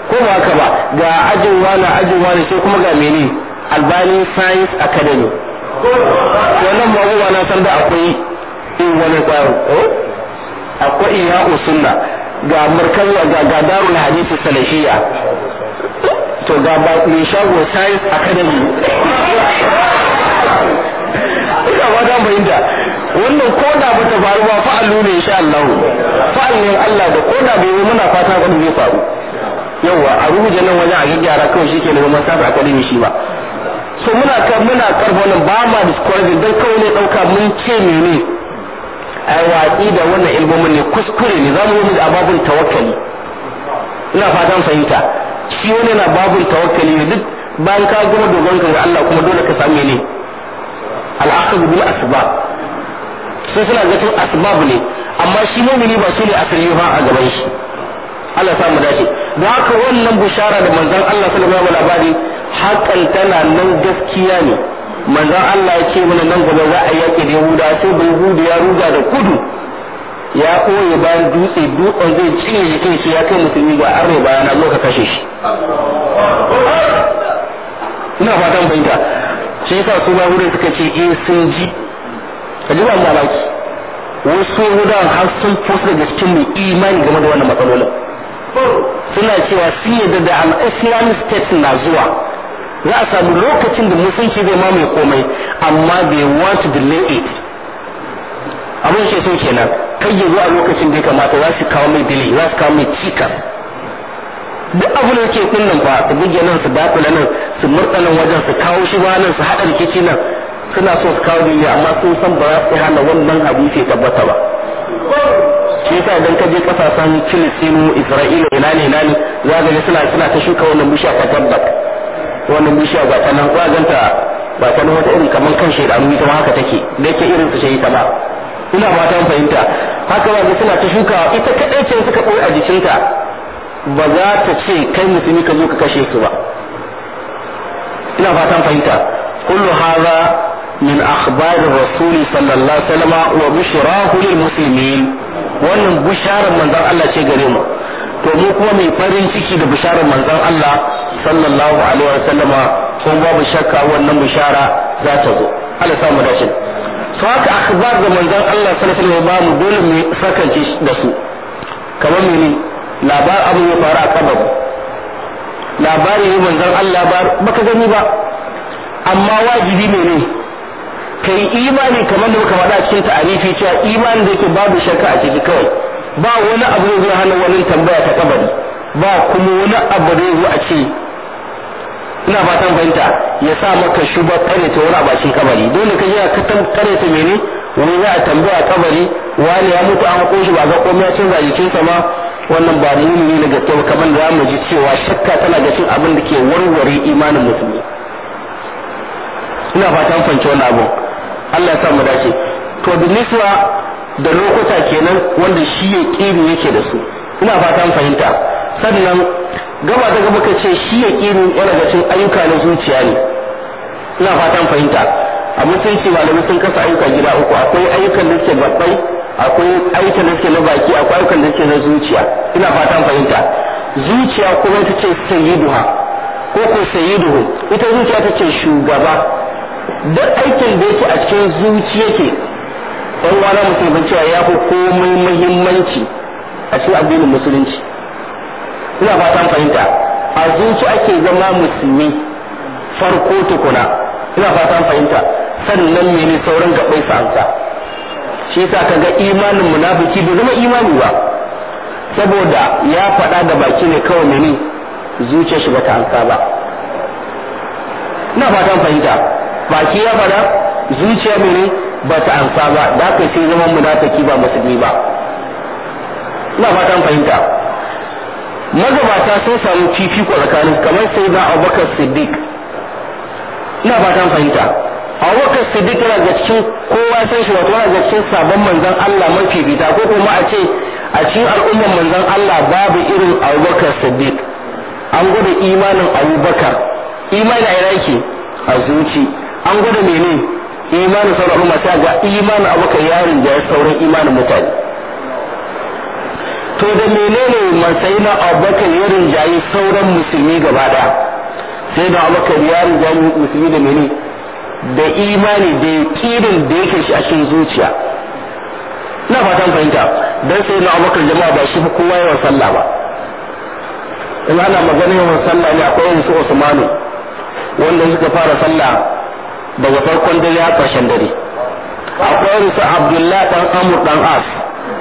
ko ba haka ba ga ajin wani ajin wani sai kuma ga mene albani science academy wannan magowa na san da akwai in wani kwaro akwai ya usunna ga murkan ga ga darul hadisi salafiya to ga ba mai shago science academy ina ba da fahimta wannan ko da ba ta faru ba fa'alu ne insha Allah fa'alin Allah da ko da bai muna fata ba zai faru yawa a rubuce nan wajen a gyara kawai shi ke da zama sasa akademi shi ba so muna kan muna karfa wannan ba ma discouraging dan kawai ne dauka mun ce mene ai waƙi da wannan ilmomin ne kuskure ne zamu yi ababun tawakkali ina fatan fahimta shi wani na babun tawakkali ne duk bayan ka gama dogon kan Allah kuma dole ka same ne al'aqib bil asbab sai suna ga asbab ne amma shi mu'mini ba su ne asali ba a gaban shi Allah samu dace da haka wannan bushara da manzon Allah sallallahu alaihi labari hakan tana nan gaskiya ne manzon Allah ya ce mana nan gaba za a yake da Yahuda sai bai hudu ya ruga da kudu ya koyi bayan dutse dutsen zai cinye kai shi ya kai musulmi ga arne bayan Allah ka kashe shi ina fatan ta sai yasa su ba wurin suka ce eh sun ji ka ji ba mamaki wasu yahudawan har sun fusa da cikin mai imani game da wannan matsalolin suna cewa sun yadda da al-islamic state na zuwa za a samu lokacin da musulunci zai mamaye komai amma they want to delay it abin shi sun kenan kai ya zuwa lokacin da ya kamata za su kawo mai delay za su kawo mai cikas duk abin da yake kunnan ba su buge nan su dakula nan su murɗa wajen su kawo shi ba nan su haɗa rikici nan suna so su kawo duniya amma sun san ba za su hana wannan abu sai tabbata ba shi yasa idan ka je kasashen filistinu isra'ila ina ne ina ne za ga suna suna ta shuka wannan bishiya ta tabbak wannan bishiya ba ta nan ganta ba ta nan wata irin kamar kan shekaru ita ma haka take da yake irin su shayi ta ba ina ma ta fahimta haka ba suna ta shuka ita kadai ce suka koyi a jikinta ba za ta ce kai musulmi ka zo ka kashe su ba ina fatan fahimta kullu hadha min akhbar rasul sallallahu alaihi wasallam wa bushrahu lil muslimin wannan bisharar manzon Allah ce gare mu to mu kuma mai farin ciki da bisharar manzon Allah sallallahu alaihi wa sallama ko babu shakka wannan bishara za ta zo Allah samu dace to haka akhbar da manzon Allah sallallahu alaihi wa sallam dole mu sakance da su kamar mene labar abu ya faru a kabar labarin manzon Allah ba baka gani ba amma wajibi ne ne kai imani kamar da muka faɗa cikin ta'arifi cewa imani da yake babu shakka a ciki kawai ba wani abu da zai hana wani tambaya ta kabari ba kuma wani abu da zai a ce ina fatan fahimta ya sa maka shuba kare ta wani abacin kabari dole ka yana katan kare ta mene wani za a tambaya kabari wani ya mutu an hako shi ba ga komai cin canza ma wannan ba ne na gaske kamar da mu ji cewa shakka tana da cin abin da ke warware imanin musulmi ina fatan fahimci wannan abu Allah ya sa mu dace to da niswa da lokuta kenan wanda shi ya kiri yake da su ina fatan fahimta sannan gaba da gaba ce shi ya kiri yana da cin ayyuka na zuciya ne ina fatan fahimta a mutunci malamai sun kasa ayyuka gida uku akwai ayyukan da suke babbai akwai ayyukan da suke na baki akwai ayyukan da suke na zuciya ina fatan fahimta zuciya kuma ta ce sayyiduha ko ko sayyiduhu ita zuciya ta ce shugaba duk aikin da yake a cikin zuci yake ɗan wani musulmin cewa ya fi komai muhimmanci a cikin addinin musulunci ina fatan fahimta a zuci ake zama musulmi farko tukuna ina fatan fahimta sannan mene sauran gaɓai anka shi yasa ka ga imanin munafiki bai zama imani ba saboda ya faɗa da baki ne kawai mene zuciyar shi bata anka ba ina fatan fahimta baki ya fada zuciya ne ba ta amsa ba da aka ce zaman ki ba musulmi ba ina fatan fahimta magabata sun samu fifiko tsakanin kamar sai na abubakar siddiq ina fatan fahimta abubakar siddiq yana ga cikin kowa sai shi wato yana ga cikin sabon manzon Allah mafi bita ko kuma a ce a cikin al'ummar manzon Allah babu irin abubakar siddiq an gwada imanin abubakar imani a raki a zuci an gwada mene imanin sauran al'umma sai ga imanin abubakar yarin da ya sauran imanin mutane to da menene matsayi na abubakar ya rinjaye sauran musulmi gaba daya sai da abokan yarin rinjaye musulmi da mene da imani da kirin da yake shi a cikin zuciya na fatan fahimta don sai na abokan jama'a ba shi kowa yawan sallah ba in ana magana yawan sallah ne akwai wasu usmanu wanda suka fara sallah daga farkon dare a ƙarshen dare akwai irin su abdullahi dan amur dan as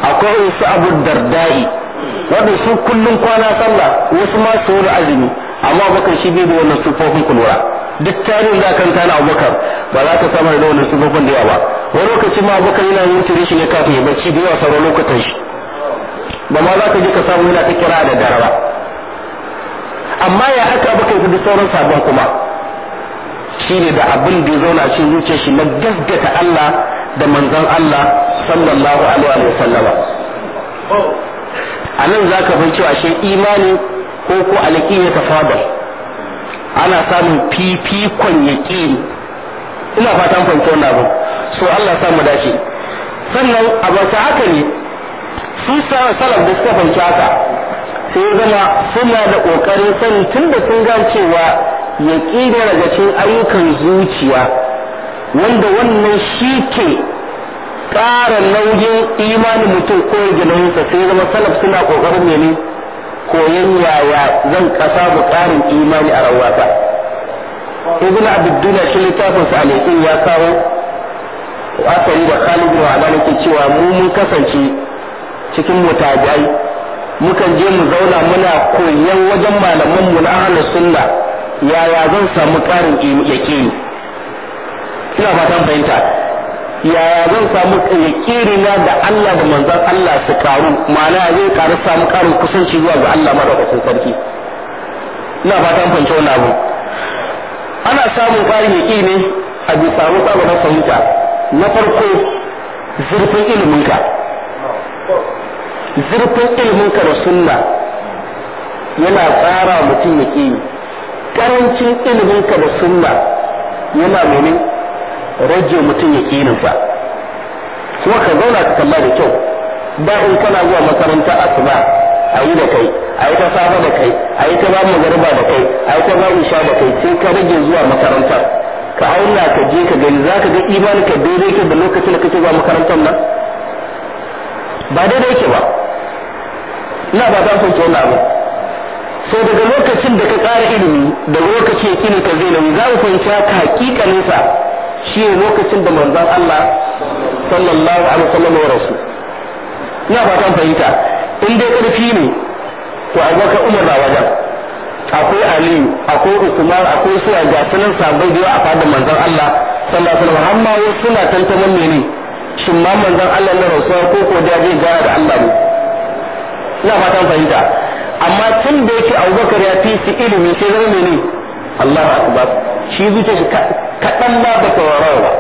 akwai irin su abu dardai wanda su kullum kwana sallah wasu ma su wani azumi amma bakar shi bai da wannan sufofin kulura duk tarihin da kan tana abubakar ba za ka samar da wannan sufofin da yawa ba wani lokaci ma abubakar yana yin tiri shi ne kafin ya bacci da yawa sauran lokutan shi ba ma za ka je ka samu yana ta kira da dara ba amma ya aka abubakar da sauran sabon kuma shine da abin da ya zauna cikin zuciyar shi na gaggata Allah da manzon Allah sallallahu alaihi wa sallama a nan za ka cewa shi imani ko ko alaƙi ya tafadar ana samun fifikon yaƙi ina fatan fahimta wannan abu so Allah samu dace sannan a bata haka ne su salaf da suka fahimci haka sai zama suna da ƙoƙarin sani tunda sun gace cewa ya ƙina daga cikin ayyukan zuciya wanda wannan shi ke ƙara nauyin imanin mutum ko nauyinsa sai zama salaf suna ƙoƙarin ne koyon yaya zan kasa mu ƙarin imani a rawata ibn Abdullahi shi littafin sa alaikin ya kawo asali da khalid wa cewa mu mun kasance cikin mutajai mukan je mu zauna muna koyon wajen malaman mu na ahlus sunna yaya zan samu ƙarin yaƙini ina fatan fahimta yaya zan samu yaƙini na da Allah da manzon Allah su karu ma'ana zai karu samu ƙarin kusanci zuwa ga Allah madaukakin sarki ina fatan fahimta wannan abu ana samun ƙarin yaƙini a bisa matsalar fahimta na farko zurfin iliminka zurfin iliminka da sunna yana tsara mutum yaƙini karancin ka da sunna yana mene rage mutum ya ƙininsa kuma ka zauna ka kalla da kyau ba in kana zuwa makaranta asuba a yi da kai a yi ta saba da kai a yi ta ba magarba da kai a yi ta ba isha da kai sai ka rage zuwa makarantar ka auna ka je ka gani za ka ga ka daidai ke da lokacin da kake zuwa makarantar nan ba daidai ke ba ina ba ta son ke wani abu so daga lokacin da ka tsara ilimi daga lokacin yakinin ka zai nauyi za mu kwanci haka hakikanin sa shi ne lokacin da manzon Allah sallallahu alaihi wasallam ya rasu ina fatan fahimta in dai karfi ne to abubakar umar da wajen akwai aliyu akwai usman akwai su a gasunan sabai da a fadar manzon Allah sallallahu alaihi wasallam amma wasu suna tantaman mene shin ma manzon Allah ne rasuwa ko ko da zai gara da Allah ne ina fatan fahimta amma tun da yake abubakar ya fi su ilimi sai zama mai ne Allah akbar shi zuciya shi kaɗan ba da saurara ba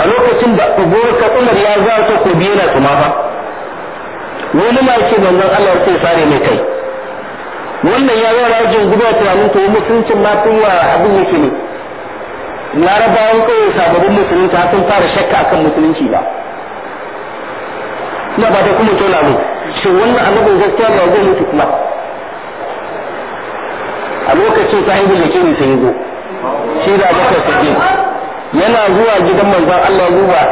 a lokacin da abubakar umar ya za ta ko biyu na tuma ba wani ma ce manzon Allah sai sare mai kai wannan ya yi rajin gudu tunanin to musuncin ma tun wa abin yake ne larabawan kawai musulunci musulunta sun fara shakka akan musulunci ba na ba ta kuma tona mu shin wannan annabin gaskiya ba zai mutu kuma a lokacin sahibul yakini sai yazo shi da bakar sadiq yana zuwa gidan manzon Allah zuwa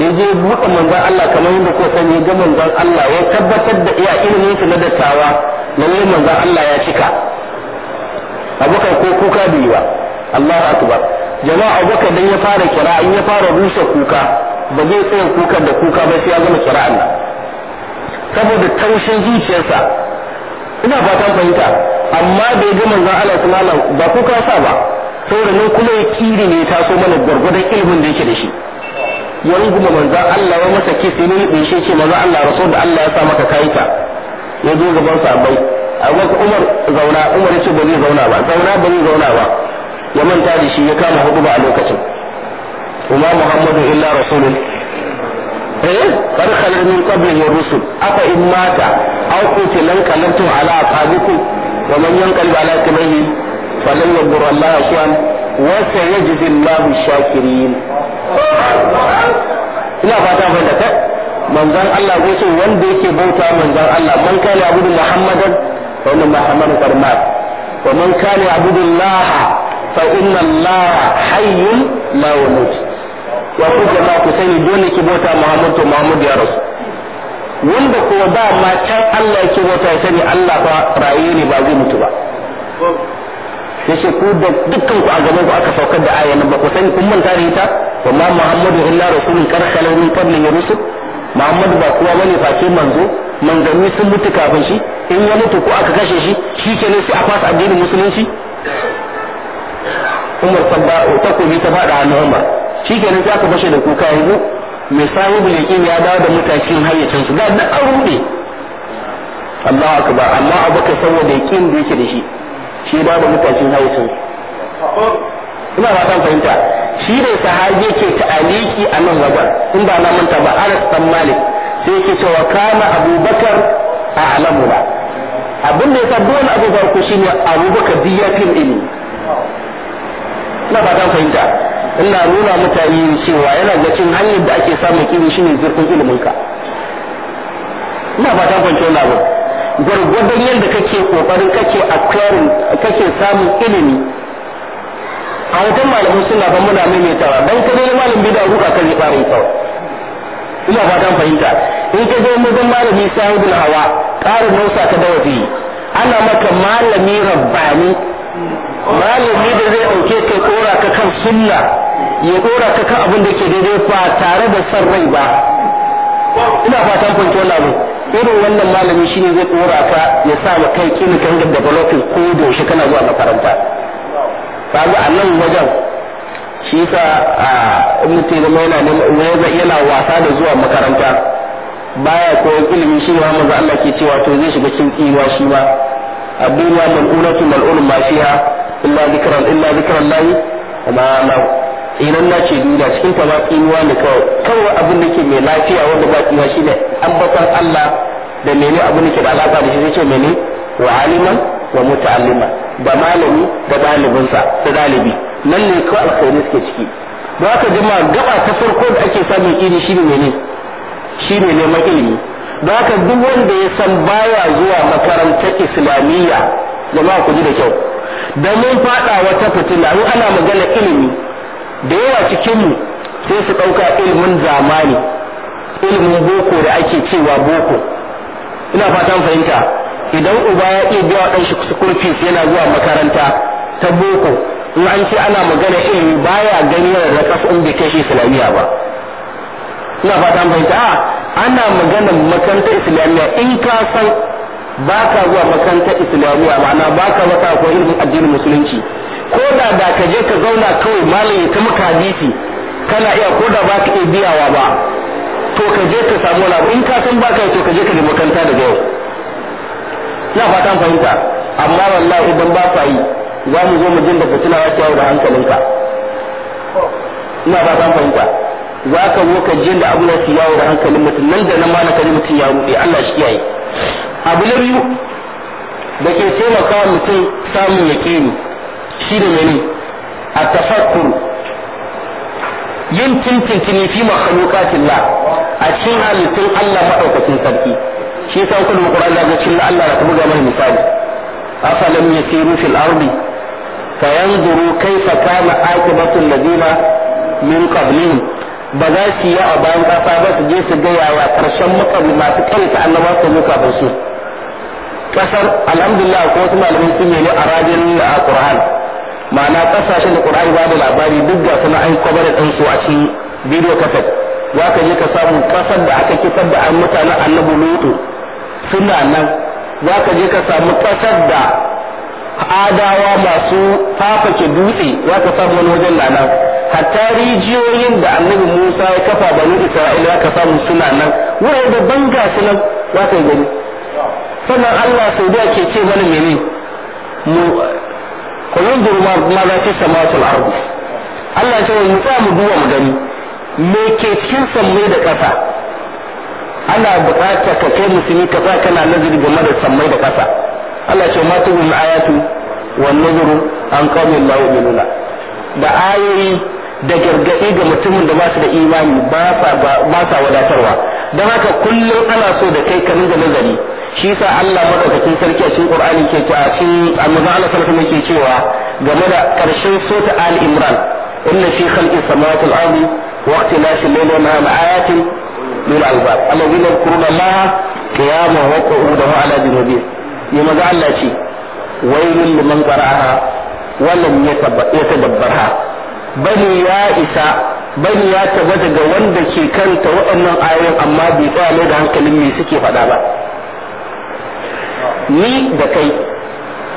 ya je buɗe manzon Allah kamar yadda ko sani ga manzon Allah ya tabbatar da iya ilimin su na dattawa na wani manzon Allah ya cika abubakar ko kuka bai wa Allahu akbar jama'a abubakar dan ya fara kira in ya fara rushe kuka ba zai tsaya kuka da kuka ba sai ya zama kira Allah saboda taushin zuciyarsa ina fatan fahimta amma bai ga manzon Allah sallallahu alaihi ba ku ka sa ba saboda nan kuma ya kiri ne ta so mana gwargwadon ilimin da yake da shi ya runguma manzon Allah ya masa kisi ne bin shi ce manzon Allah rasul da Allah ya sa maka kai ya zo gaban a amma Umar zauna Umar ya ce ba zai zauna ba zauna ba zai zauna ba ya manta da shi ya kama hudu ba a lokacin وما Muhammadu illa رسول إيه؟ قد خلق من قبله الرسل أفا إن مات أو قلت لن كلمته على أصحابكم ومن ينقلب على كبيه فلن يضر الله شيئا وسيجزي الله الشاكرين إلا فاتا فلتا من ذا الله رسل وان ديكي بوتا من ذا الله من كان ان محمدا فإن محمد قد ان ومن كان يعبد الله ان الله حي لا يموت ya ku jama'a ku sani dole ki bauta Muhammad to Muhammad ya rasu wanda ko ba ma can Allah yake bauta ya sani Allah fa raye ne ba zai mutu ba yace ku da dukkan ku a gaban ku aka saukar da ayyana ba ku sani kun manta da ita wa ma Muhammadu illa rasulun kar min min ya rusu Muhammad ba kuwa bane face manzo manzanni sun mutu kafin shi in ya mutu ko aka kashe shi shi ne sai a fasa addinin musulunci Umar sabba ta bi ta faɗa a Umar shikenan sai aka fashe da kuka yanzu mai sahibul yaqin ya dawo da mutakin hayyacin su ga da an rude Allahu akbar amma abaka saboda yakin da yake da shi shi ya dawo da mutakin hayyacin ina ba san fahimta shi ne sahabi yake ta'aliki a nan gaba in ba na manta ba Anas bin Malik sai yake cewa kana Abubakar a alamu ba. abin da ya sa dole abu farko shine Abubakar biya fil ilmi ina ba san fahimta ina nuna mutane cewa yana da cin hanyar da ake samun ilimi ne zurfin ilimin ka ina ta kwanci wani abu gwargwadon yadda kake kokarin kake acquiring kake samun ilimi a wajen malamin suna fa muna maimaitawa don ka zai malam bida ruka kan ya fara yi kawai ina fatan fahimta in ka zai mazan malami sahibul hawa ƙarin nausa ka dawa zai ana maka malami rabbani malami da zai ɗauke kai kora ka kan sunna ya dora ka kan abin da ke daidai ba tare da san rai ba ina fatan kwanci wannan abu irin wannan malami shine zai dora ka ya sa ma kai kin kan da developing ko da yaushe kana zuwa makaranta ba a nan wajen shi yasa a ibnu tayyib yana yana wasa da zuwa makaranta baya ko ilimi shi ne manzo Allah ke cewa to zai shiga cikin kiwa shi ma abdullah mal'unatu mal'un ma shiha illa dhikran illa dhikran lahi amma idan na ce duniya cikin ta ba tsinuwa ne kawai kawai abin da ke mai lafiya wanda ba tsinuwa shi ne ambaton Allah da mene abin da ke da alaƙa da shi zai ce mene wa aliman wa muta'allima da malami da sa da dalibi nan ne kawai alkhairi suke ciki don haka jama'a gaba ta farko da ake samun iri shi ne mene shi ne neman ilimi ba ka duk wanda ya san baya zuwa makarantar islamiyya jama'a ku ji da kyau da mun fada wata fitila in ana magana ilimi da yawa cikinmu sai su ɗauka ilimin zamani ilimin boko da ake cewa boko ina fatan fahimta idan uba ya iya biya ɗan shi kurfis yana zuwa makaranta ta boko in an ce ana magana ilimi baya yana da kasu in bai kai shi islamiyya ba ina fatan fahimta a ana magana makarantar islamiyya in ka san ba ka zuwa makarantar islamiyya ma'ana ba ka wata ko ilimin addinin musulunci ko da da ka je ka zauna kawai malam ya ta maka hadisi kana iya ko da ba ka iya biyawa ba to ka je ka samu wani abu in ka san baka to ka je ka nemi kanta da yau ina fatan fahimta amma wallahi idan ba ka yi za mu zo mu jin da fitina ya ci da hankalinka ina fatan fahimta za ka zo ka jin da abu na su yawo da hankalin mutum nan da nan ma na kalli mutum ya rufe Allah shi kiyaye abu na biyu da ke taimakawa mutum samun yaƙini shi ne mene a tafakkur yin tintintini fi makhluqatillah a cikin halittun Allah madaukakin sarki shi yasa kullu Qur'an da cikin Allah da kuma ga mai misali afalam yasiru fil ardi fayanzuru kaifa kana aqibatu alladhina min qablihim ba za su yi a bayan kasa ba su je su ga yawa karshen mutane masu karanta annaba su muka ba su kasar alhamdulillah ko wasu malamai sun yi ne a rajin a Qur'an ma'ana kasashen da qur'ani ba da labari duk ga suna an kwabar da su a cikin bidiyo kafet za ka je ka samu kasar da aka kifar da an mutanen annabu lutu suna nan za ka je ka samu kasar da adawa masu fafake dutse za ka samu wani wajen na nan hatta rijiyoyin da annabi musa ya kafa banu isra'ila za ka samu suna nan wurare da banga su nan za ka gani sannan allah sau da ke ce mana mene mu ku yanzur ma za ta sama wal ardi Allah ya ce mu tsaya mu duba mu gani me ke cikin samai da ƙasa ana buƙatar ka kai musulmi ka tsaya kana nazari game da samai da ƙasa Allah ya ce ma tuhum ayatu wan nuzuru an qawmin la yu'minuna da ayoyi da gargaɗi ga mutumin da ba su da imani ba sa wadatarwa don haka kullum ana so da kai ka ringa nazari shi sa Allah madaukakin sarki a cikin Qur'ani ke cewa a cikin annabi Allah sallallahu alaihi yake cewa game da karshen sota Ali Imran inna fi khalqi samawati wal ardi wa ikhtilafi al-layli wa nahari ayatin lil albab alladhina yadhkuruna Allah qiyaman wa qu'udan wa ala junubihim ne maza Allah ce wailul liman qara'aha wa lam yatadabbarha bani ya isa bani ya taba daga wanda ke kanta waɗannan ayoyin amma bai tsaya mai da hankalin me suke faɗa ba ni da kai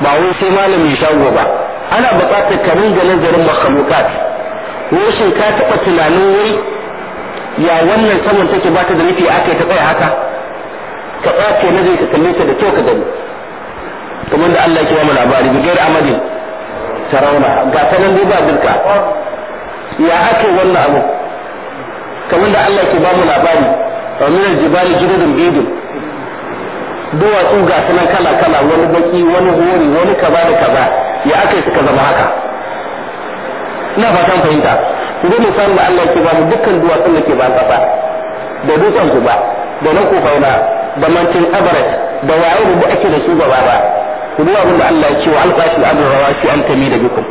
ba wai sai malami shago ba ana buƙatar ka ringa nazarin makhlukat shin ka taɓa tunanin wai ya wannan saman take ba ta da nufi aka yi ta tsaya haka ka tsaya nazari ka kalle ta da kyau ka gani kamar da Allah ya kira mu labari bi gair amadin tarawna ga sanan dai ba birka ya ake wannan abu kamar da Allah ke ba mu labari wa min al-jibal jurudun bid duwatsu ga sanan kala kala wani baki wani hori wani kaza da kaza ya aka suka zama haka ina fatan fahimta idan misalin da Allah ke ba mu dukkan duwatsun da ke ba kasa da dutsen ba da ku fauna da mantin abarat da wayo da ake da su gaba ba ku duwa abin da Allah ya ce wa alqashi al-ardu rawasi an tamida bikum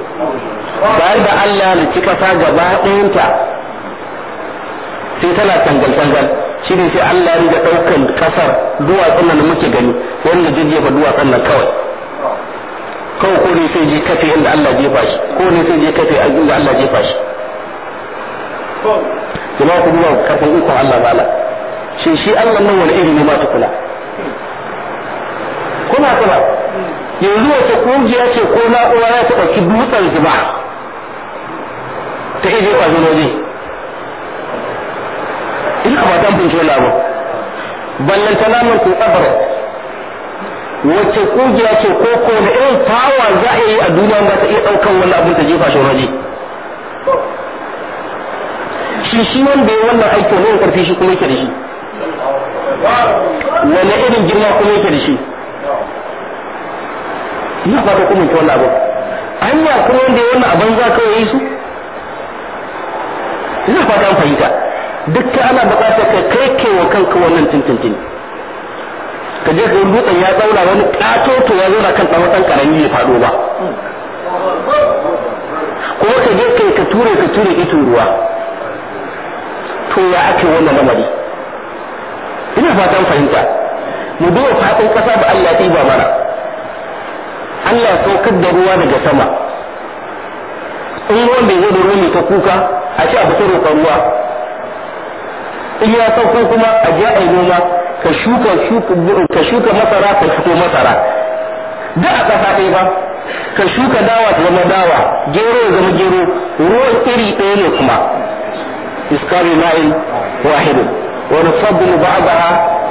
bayan da Allah ya ci kasa gaba ɗayanta sai tana tangal-tangal shi ne sai Allah ya ɗaukan kasar duwatsun nan da muke gani wanda jijjefa duwatsun nan kawai kawai ko ne sai je kafe inda Allah jefa shi ko ne sai je kafe inda Allah jefa shi jama'a ku kafin in ikon Allah bala shi shi Allah nan wani iri ne ta kula kuna kula yanzu wace kungiya ce ko na'ura ya taɓa ki dutsen zuba ta iya jefa zuwa waje ina ba ta fahimci wani abu ballan ta namun ku tsabar wacce kungiya ce ko ko da irin tawa za a yi a duniya ba ta iya ɗaukan wani abu ta jefa shi waje shi shi wanda ya wannan aiki wani karfi shi kuma yake da shi wani irin girma kuma yake da shi ina ta kuma ta wani abu hanya kuma wanda ya wannan abin za ka yi su ina fata an fahimta duk ana buƙatar ka kai ke wa kanka wannan tintintin ka je ga dutsen ya tsaura wani ƙatoto ya zauna kan ɗan ɗan ƙarami ya faɗo ba kuma ka je kai ka ture ka ture ito ruwa to ya ake wannan lamari ina fatan fahimta mu duba faɗin ƙasa ba Allah ya ba mana Allah ya saukar da ruwa daga sama in ruwan bai zo da ruwan ta kuka a ce abu ta roƙa ruwa in ya sauko kuma a je a yi noma ka shuka ka shuka masara ka fito masara da a ƙasa ɗaya ba ka shuka dawa ta zama dawa gero ya zama gero ruwan iri ɗaya ne kuma iskari ma'in wahidin wani sabbin ba'daha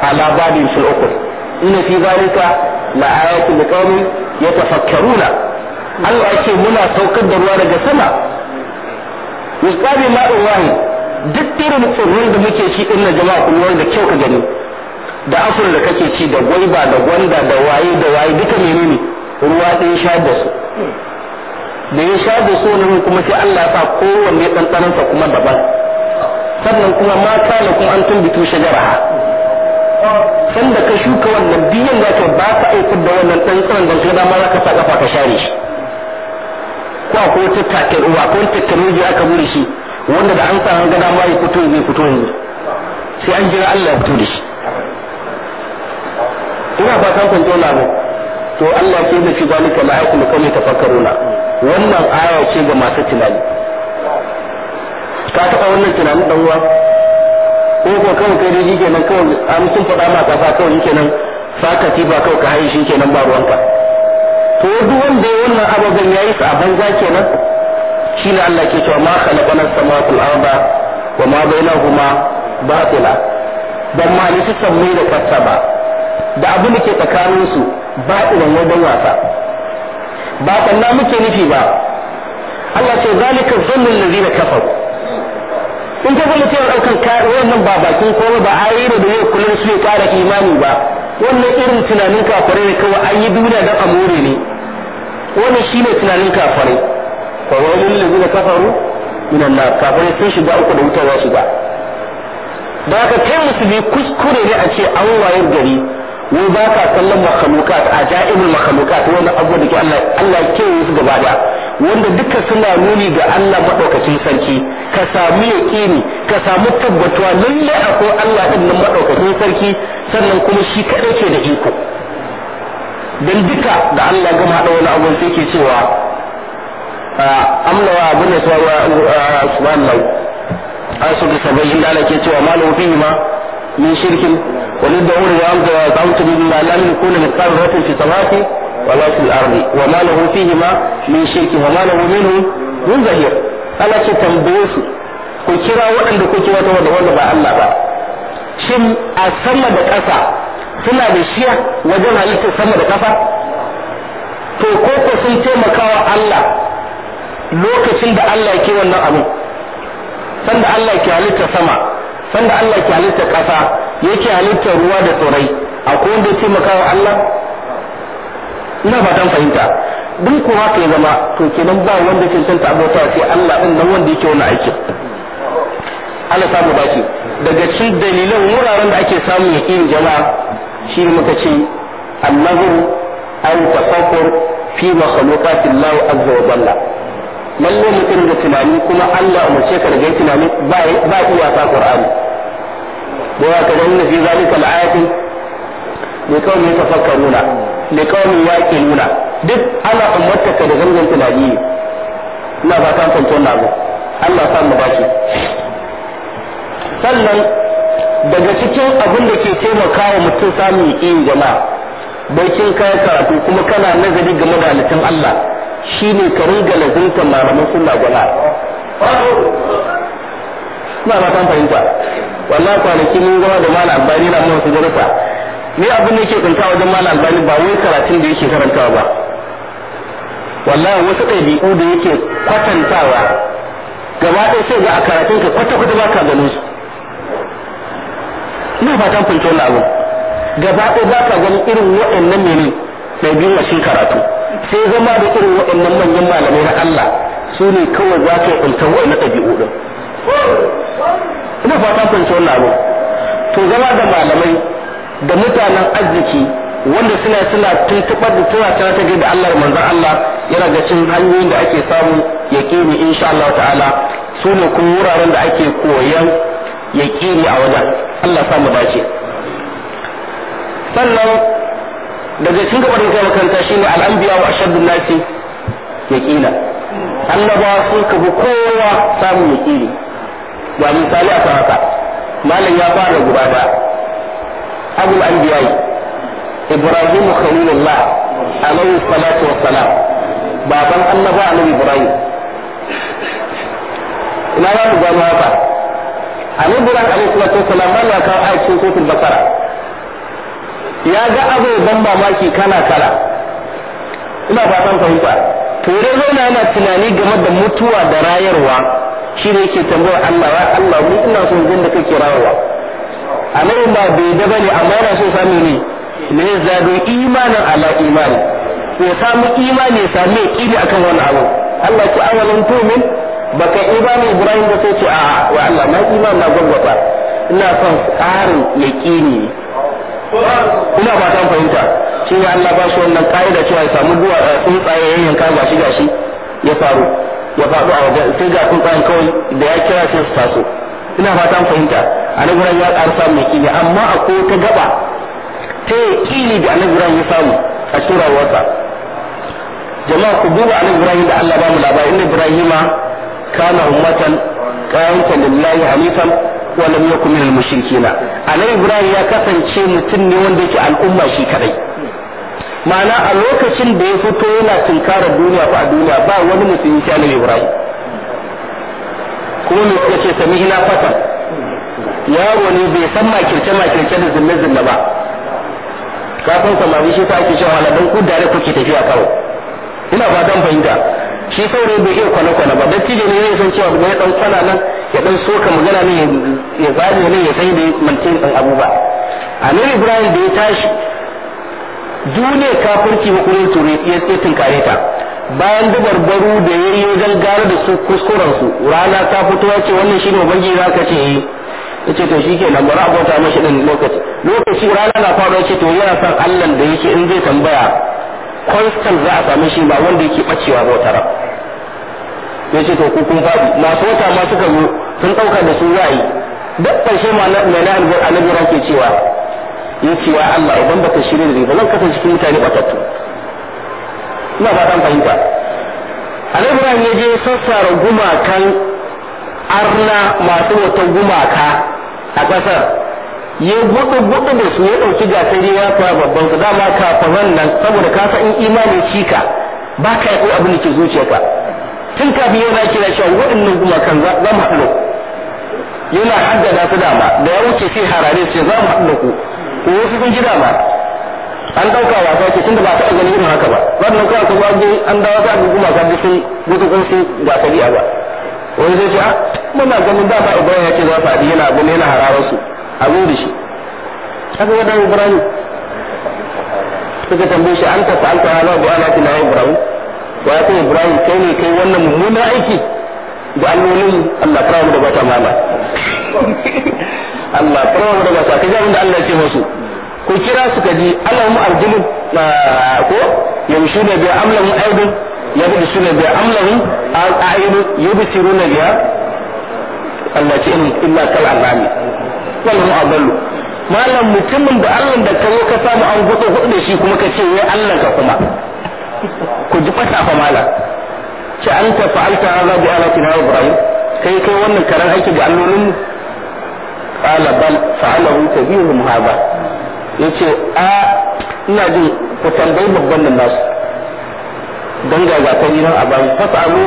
ala ba'din fil ukhra inna fi zalika la'ayatin liqaumin yatafakkaruna Allah ake ce muna saukar da ruwa daga sama misali ma'in wahi duk irin tsirrin da muke ci din na jama'a kuma da kyau ka gani da afur da kake ci da gwaiba da gwanda da waye da waye duka menene ruwa ɗin sha da su da ya sha da su wani kuma sai Allah sa kowanne sa kuma daban sannan kuma ma kana kuma an tumbitu shajara sanda ka shuka wannan biyan da ka ba ka aikar da wannan ɗan tsiron da kai dama za ka sa kafa ka share shi kwa a ko ta take ruwa ko ta technology aka bude shi wanda da an sa an gada ma ya fito zai fito yanzu sai an jira Allah ya fito da shi ina ba san kwanto na ba to Allah ke da shi zalika la'akum kawai tafakkaruna wannan aya ce ga masu tunani ka taɓa wannan tunanin dan uwa ko ko kawai kai dai kenan kawai an sun faɗa ma kafa kawai shikenan saka ba kawai ka haye kenan ba ruwanka to duk wanda ya wannan ababen ya yi su a banza kenan shi ne Allah ke cewa ma khalaqana samawati wal arda wa ma bainahuma batila dan ma ni su samu da kasta ba da abin da ke tsakanin su batilan ne dan wasa ba kanna muke nufi ba Allah ce zalika zannul ladina kafaru in ka ga mutum ɗaukar wannan ba bakin kowa ba ayyuka da yau kullum su ya ƙara imani ba wannan irin tunanin kafare ne kawai an yi duniya don amore ne wannan shi ne tunanin kafare kafirai fawailun ne da kafaru minan na kafare sun shiga uku da wutar wasu ba da haka kai musulmi kuskure ne a ce an wayar gari wai ba ka kallon makhlukat ajaibul makhlukat wannan abu da ke Allah Allah ke yi su gaba da wanda duka suna nuni ga Allah madaukakin sarki ka samu yaqini ka samu tabbatuwa lalle akwai Allah din nan madaukakin sarki sannan kuma shi kadai ke da iko dan duka da Allah gama da wani abu sai ke cewa wa abin da subhanallah an su bisa bayin da Allah ke cewa malu fihi ma min shirkin ونبدأون وأمضي وأدعوت مما لم يكون مثقال ذرة في سماتي ولا في الأرض وما له فيهما من شرك وما له منه من ظهير ألا تتنبوس كيرا وأن دكوت وتوضع وضع الله شم أسمى بكسا سنة بشيا وجمع إيك أسمى بكسا فوقوك سنتي مكاوى الله لوك سند الله كي وانا أمو سند الله كي علي تسمى sanda Allah ke halitta kasa yake halitta ruwa da tsorai a wanda ya taimaka wa Allah ina fatan fahimta duk kuwa ka zama to kenan ba wanda ke cancanta abota sai Allah din nan wanda yake wani aikin Allah samu baki daga cikin dalilan wuraren da ake samu yakin jama'a shi muka ce annabu an tafakkur fi makhluqatillah azza wa jalla lalle mutum da tunani kuma Allah umarce ka gai tunani ba iyaka Qur'ani da ya ka danna fi zalika al-ayati ne kawai ne tafakkaruna ne kawai ya nuna duk ana ummata ka da zangon tunani ina ba ta san tunna ba Allah sa mu baki. sannan daga cikin abin da ke taimakawa mutum samun yin jama'a bai kin kai karatu kuma kana nazari game da halittun Allah Shi ne ka ringa lazunta malaman suna gwana ba na kan fahimta Wannan kwanaki mun zama da malam albani na mun su jarfa ni abin da yake kunta wajen malam albani ba wai karatun da yake karantawa ba wallahi wasu ɗabi'u da yake kwatantawa gaba ɗaya sai ga a karatun ka kwata kwata ba ka gano su ina fatan fahimta wannan abu gaba ɗaya ba ka gani irin waɗannan ne ɗabi'u a cikin karatu sai zama da irin waɗannan manyan malamai na Allah su ne kawai za ka yi kuntar na ɗabi'u ɗin ina fata kunce wannan abu to zama da malamai da mutanen arziki wanda suna suna tuntuɓar da tana tana ta da Allah manzan Allah yana ga cin hanyoyin da ake samu ya yaƙini insha Allah ta'ala su ne kuma wuraren da ake koyan ya yaƙini a wajen Allah samu dace sannan daga cikin gabar da makaranta ne al'ambiya wa ashaddu nasi yaqina annabawa sun kafi kowa samun yaqini Ba misali a haka malam ya fara guda abu al'ambiya yi ibrahim khalilullah alaihi salatu wa Salam. baban annaba annabi ibrahim ina za mu gano haka annabi ibrahim alaihi salatu wassalam malam ya kawo aikin sotun basara ya ga abubuwan mamaki kana kala ina fatan fahimta to dai zauna yana tunani game da mutuwa da rayarwa shi ne yake tambayar Allah ya Allah mu ina son jin da kake rayarwa annabi ba bai da bane amma yana so sami ne ne zado imanin ala imani ko samu imani ya sami kidi akan wannan abu Allah ki awalan tumin baka imani Ibrahim da sai ce a, wa Allah na imani na gwagwata ina son ƙarin yaqini ina ba ta fahimta shi ne Allah ba shi wannan ka'ida cewa ya samu duwa eh, tsuntsaye ya yanka gashi gashi ya faru ya faɗo a wajen sai ga tsuntsayen kawai da ya kira sai su taso ina fata fahimta a nan gurin ya samu samun yaƙini amma a ko ta gaba ta yi kili da nan gurin ya samu a cikin rayuwarsa jama'a ku duba a nan gurin da Allah ba mu labari inda Ibrahima kana ummatan qanutan lillahi hanifan walam yakun min al-mushrikeena annabi ibrahim ya kasance mutum ne wanda yake al'umma shi kadai ma'ana a lokacin da ya fito yana tunkarar duniya ko a duniya ba wani musulmi sai annabi ibrahim kuma me sami samihina fata yaro ne bai san makirce makirce da zunne zunne ba kafin samari shi ta ake cewa haladan ku da kuke tafiya kawo ina fatan fahimta shi saurayi bai iya kwana-kwana ba dattijo ne ya san cewa ya dan kwana nan ya dan soka magana ne ya zane ne ya sai da mantin ɗan abubuwa annabi ibrahim da ya tashi duniyar kafirci hukumar turai ya tsetin kare ta bayan dubar baru da ya yi wajen da su kuskurensu rana ta fito ya ce wannan shine ubangi za ka ce ya ce to shi ke nan bari abota mashi ɗin lokaci lokaci rana na fara ya ce to yana son allan da yake in zai tambaya constant za a sami shi ba wanda yake ɓacewa ba wata ya ce to ku kun faɗi masu wata ma suka zo sun ɗauka da su za yi duk ƙarshe ma na annabi ke cewa ya ce wa Allah idan baka shirin da ba zan kasance cikin mutane batattu ina fatan fahimta annabi Ibrahim ya je sassara gumakan arna masu wata gumaka a ƙasar ya gudu gudu da su ya ɗauki gasari ya fara babban su dama kafin nan saboda ka san imanin shi ka ba ka yi abin da ke zuciyarka tun kafin yana kira cewa waɗannan gumakan za mu haɗu yana haddada su dama da ya wuce sai harare ce za mu haɗu ku ko wasu sun ji dama an ɗauka wasa ce tun da ba ta ɗaga irin haka ba wannan kawai kuma an dawo ta ga gumakan da sun mutu kun su ga biya ba wani zai ce a ah, muna ganin da ba ibrahim ya ce za su haɗu yana abu ne yana hararar su abu da shi haka wadda ibrahim suka tambaye shi an tafi an tafi ala ala tina ibrahim wa ya kai ibrahim kai ne kai wannan mummunan aiki da allolin allah fara da bata mala allah fara da bata kaji abin da allah ya ce musu ku kira su kaji allahumma arjulun ko yamshuna bi amlahum aidun yabsuna bi aidu yubsiru ne ya Allah ce in illa kal anami wallahu adallu malam mutumin da Allah da kai ka samu an gudu da shi kuma ka ce wai Allah ka kuma ku ji fata fa mala ce an ta fa'alta hadha bi alatina ibrahim kai kai wannan karan aiki ga allolin mu qala bal fa'alahu kabiruhum hadha yace a ina jin ku tambayi babban nan nasu dan ga ga kai nan abai bayi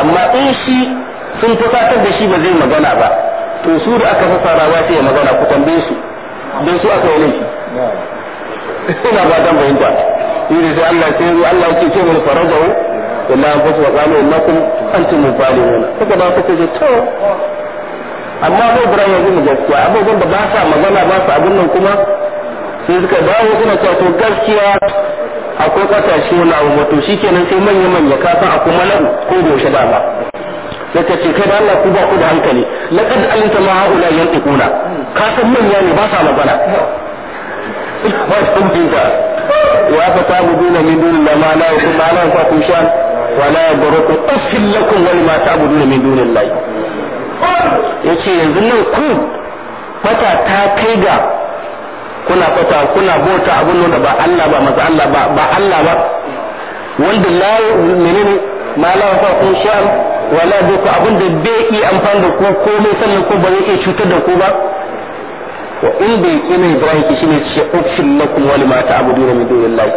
amma in shi sun fasatar da shi ba zai magana ba to su da aka fasara ba sai ya magana ku tambaye su don su aka yi laifi ina ba dan ba. shine sai Allah ya ce Allah ya ce mu farajahu illa an fasu wa qalu innakum antum zalimun kaga ba kace ce to amma bai bura yanzu mu gaskiya abubuwan da ba sa magana ba sa abun nan kuma sai suka dawo suna cewa to gaskiya akwai kasashe na wato shikenan sai manya manya ka san akwai malau ko goshe da ba sai ta ce kai da Allah ku ba ku da hankali laqad alimta ma haula yantiquna ka san manya ne ba sa magana ba sun وأفتعبدون من دون الله ما لا يضر لا ينفعكم شيئا ولا يضركم أف لكم ولما تعبدون من دون الله yace yanzu nan ku fata ta kai ga kuna fata kuna bota abin da ba Allah ba maza Allah ba ba Allah ba wanda la menene ma la fa wala duka abin da bai yi amfani da ku komai sannan ko ba zai cutar da ku ba wa in bai kina ibrahim ki shine ce uffin lakum wa lima ta'buduna min dunillahi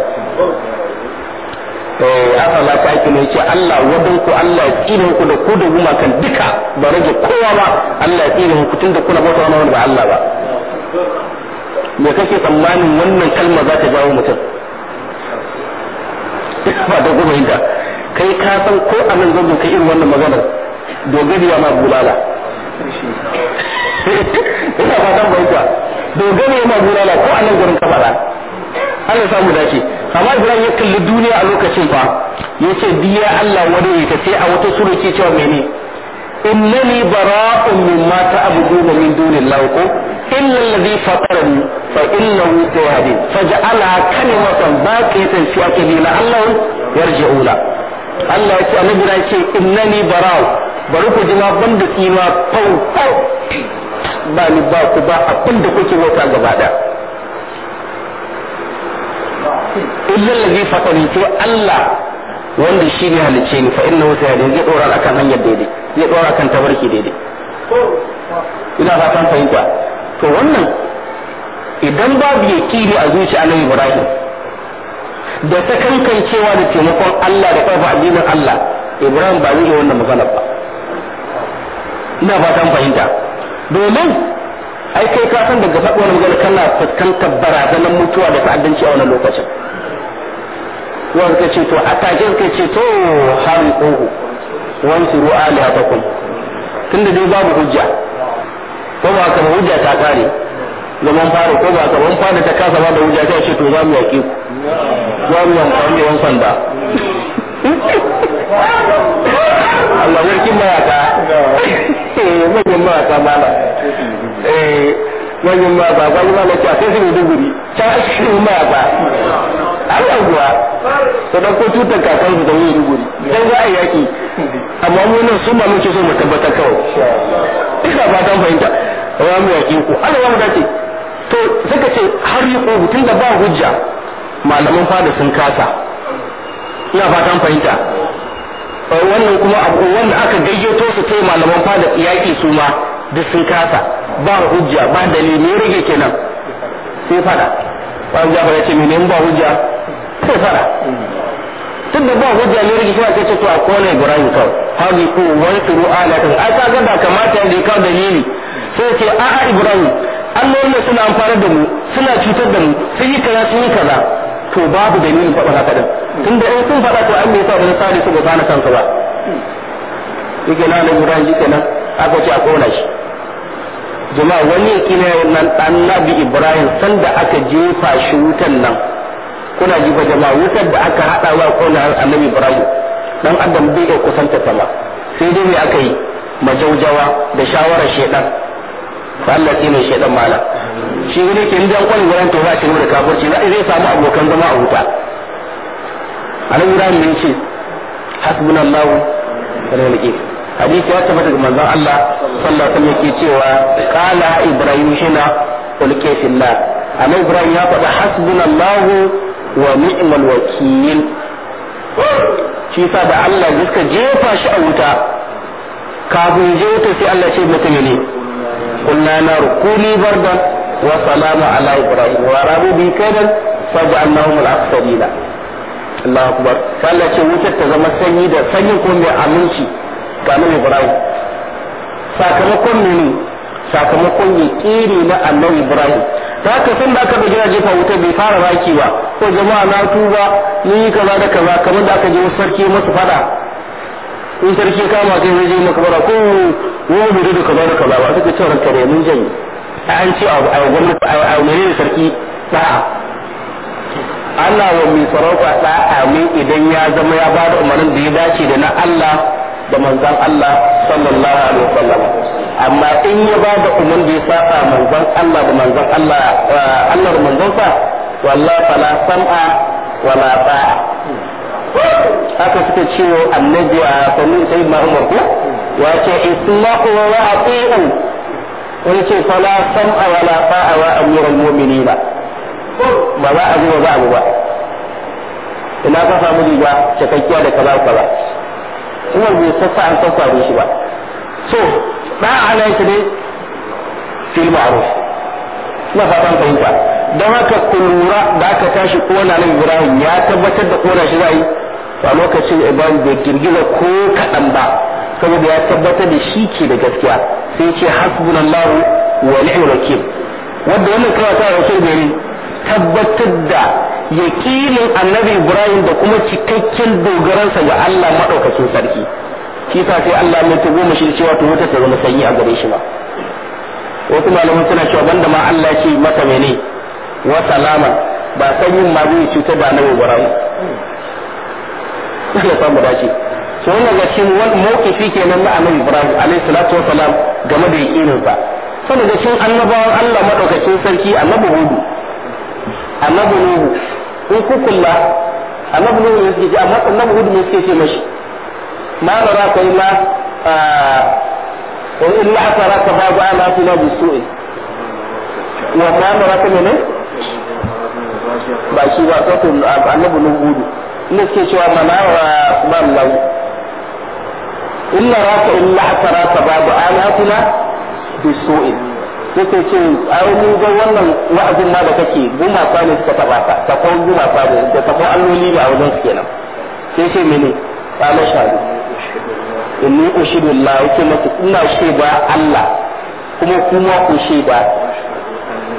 to haka la ta kina ce Allah wadan ku Allah ya ku da ku da gumakan duka ba rage kowa ba Allah ya tsine ku tunda kuna bauta wani ba Allah ba me kake tsammanin wannan kalma za ta jawo mutum ba da kuma inda kai ka san ko a nan zan kai irin wannan maganar dogariya ma bulala ina fatan bai ta dogane yana bulala ko a nan gurin ka faɗa Allah samu dace amma Ibrahim ya kalli duniya a lokacin fa yace biya Allah wani ya sai a wata sura ke cewa mene innani bara'un mimma ta'buduna min dunillahi ko illa alladhi fatarani fa innahu sayahdin faj'ala kalimatan baqiyatan fi aqdina Allah yarji'una Allah annabi innani bara'u bari ku jima ban da tsima fau fau ba ni ba ku ba abin da kuke wata gaba da illal ladhi fatani to Allah wanda shi ne halicce ni fa innahu sayadi zai dora akan hanyar daidai zai dora kan tabarki daidai ina fatan fahimta to wannan idan babu kiri a zuciya na Ibrahim da ta kankancewa da taimakon Allah da kafa addinin Allah Ibrahim ba zai yi wannan magana ba ina fatan fahimta domin ai kai ka san daga faɗuwar magana kana fuskantar barazanar mutuwa da ta'addanci a wannan lokacin wa ka ce to a takin ka ce to harin ƙohu wansu a alihatakum tunda dai babu hujja ko ba ka hujja ta kare zaman fara ko ba ka fara ta kasa ba da hujja ta ce to za mu yaƙi ku za mu amfani da yan sanda Allah ya ka. eh manyan mawaka mala eh manyan mawaka kwallo mala ce a kai su ne duguri can ake shi mawaka Allah kuwa to dan ko tutar kakan su da yi duguri dan za a yaki amma mu nan sun ba muke so mu tabbatar kawai ina fatan fahimta wa mu yaki ku ala ya mu dace to suka ce har yi ƙugu tun da ba hujja malaman fada sun kasa ina fatan fahimta wannan kuma wanda aka gayyato su kai malaman fada yaƙi su ma duk sun kasa ba hujja ba dalili ne rage kenan sai fada ba hujja ba yace menene ba hujja sai fada tun da ba hujja ne rage kuma sai ce to a ne Ibrahim kawai hadi ku wani turu alatan ai ka ga ba kamata yanzu ka dalili sai ce a'a Ibrahim ne suna amfana da mu suna cutar da mu sai yi kaza sun yi kaza to babu dalilin faɗa haka din tunda in sun faɗa to an ne yasa ban Sani su ba kana kansa ba yake na nan gudan shi kenan aka ce a kona shi jama'a wani kina nan annabi ibrahim sanda aka jefa shi wutan nan kuna ji ba jama'a wutar da aka hada wa kona annabi ibrahim dan adam bai iya kusanta sama sai dai me aka yi majaujawa da shawarar shedan Allah ke mai shaidan mala shi ne ke rijan kwani wurin to za shi shigo da kafirci zai samu abokan zama a wuta anan ibrahim ne ce hasbunallahu wa ni'mal wakeel hadisi ya tabbata ga manzon Allah sallallahu alaihi wasallam yake cewa qala ibrahim hina ulke fillah anan ibrahim ya faɗa hasbunallahu wa ni'mal wakeel shi sa da Allah ya jefa shi a wuta kafin je sai Allah ce mutum ne قلنا نار كوني بردا وسلام على إبراهيم ورابو بي كيدا فجعلناهم الأكثرين الله أكبر قال لك وجدت تزمى سيدا سيكون بأمنشي كامل إبراهيم sakamakon ne sakamakon ya na annabi ibrahim ta haka san da aka bugira jefa wuta bai fara raki ba ko jama'a na tuba ni kaza da kaza kamar da aka je sarki masu fada in sarki kama kai zai je makabara ko wani mu da kaza da kaza ba suka ce ranka mun janye an ce a gwamnati a menene sarki da'a Allah wa mai sarauta a ne idan ya zama ya ba da umarnin da ya dace da na Allah da manzan Allah sallallahu alaihi wasallam amma in ya ba da umarnin da ya saba manzan Allah da manzan Allah eh, Allah da manzon sa wallahi fala sam'a wala ta'a haka suka ce wa annabi a sanin sai ma'amar ko wace ce wa wa ati'u wani ce fala a wa la a wa amuran mu'minina ba za a ba za a ba ina ka samu riga cikakkiya da kaza kaza kuma bai sassa an sassa shi ba so da a yake ne fil ma'ruf na fatan fahimta Dan haka ku da aka tashi kona nan ibrahim ya tabbatar da kona shi zai a lokacin ibrahim bai girgiza ko kaɗan ba saboda ya tabbatar da shi ke da gaskiya sai ce hasbunallahu wa ni'mal wakil wanda wannan kawai ta rasul bai tabbatar da yaƙinin annabi ibrahim da kuma cikakken dogaransa ga Allah madaukakin sarki shi sa sai Allah ne ta goma shi cewa to wata ta zama sanyi a gare shi ba wasu malamai suna cewa banda ma Allah ce masa mene wa salama ba sanyin ma zai ba da annabi ibrahim ina samu dace to wannan ga cikin wani mawkifi kenan na annabi ibrahim alayhi salatu wa salam game da yaqinin sa da cikin annabawan Allah madaukakin sarki annabi hudu annabi nuhu in kukulla annabi Hudu ne suke amma annabi hudu ne suke ce mashi ma nara kai ma wa illa asara ka babu ala tuna bisu'i wa ma nara kai ne ba shi ba sautin annabi nun gudu inda suke cewa mana wa kuma lau illa raka illa aka raka babu an hatuna bi su'in yake ce ai mun ga wannan wa'azin ma da kake gumaka ne suka taba ka takon gumaka ne da takon alloli ne a wajen su kenan sai ce mene ba na shahadu inni ushidu Allah yake mata ina shaida Allah kuma kuma ku shaida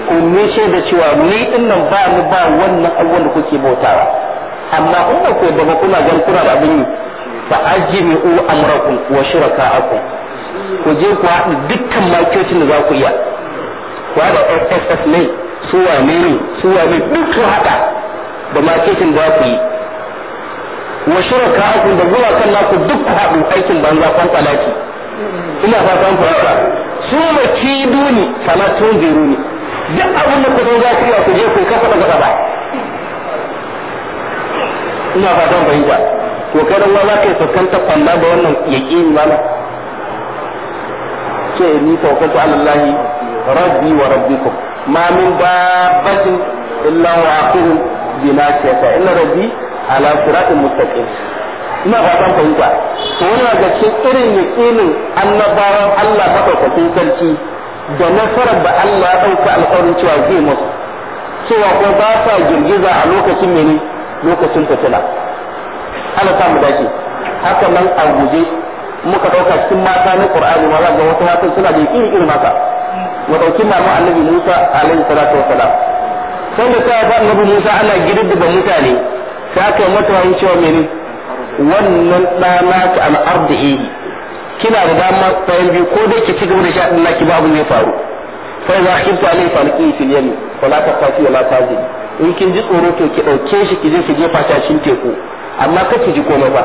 ko ce shaida cewa ni din nan ba mu ba wannan abubuwan da kuke bautawa amma in ba ku da ba kuna gan kuna da abin yi fa u amrakum wa shuraka'akum ku je ku haɗu dukkan makiyocin da za ku iya ku haɗa SSS ne su wa ne su ne duk su haɗa da makiyocin da za ku yi wa shuraka'akum da zuwa kan naku duk ku haɗu aikin banza kwan tsalaki ina fatan fara su makiduni sanatun ziruni duk abin da kusan za ku yi ku je ku kafa daga gaba ina fatan fahimta k'o kai dan za ka yi fuskantar kwalla da wannan yaqini ma ce ni tawakkaltu ala Allah rabbi wa rabbikum ma min babatin illa wa aqulu bima shata inna rabbi ala siratin mustaqim ina fatan fahimta to wannan ga cikin irin yaƙinin annabawan Allah madaukakin sarki da nasarar da Allah ya ɗauka alƙawarin cewa zai musu cewa ko ba sa girgiza a lokacin mene lokacin fitila ana sa mu dace haka nan a guje muka ɗauka cikin mata na Qur'ani ma za ga wata matan suna da iri iri mata mu ɗauki mamu annabi Musa alaihi salatu wassalam sai da ta annabi Musa ana girgiza mutane sai aka yi mata wani cewa mene wannan ɗana ka al'ardihi kina da dama bayan biyu ko dai ki ci gaba da sha din naki babu ne faru fa idza khiftu alayhi fa alqi fil yami wa la taqafi wa la in kin ji tsoro to ki dauke shi ki je ki jefa shi cikin teku amma ka ki ji komai ba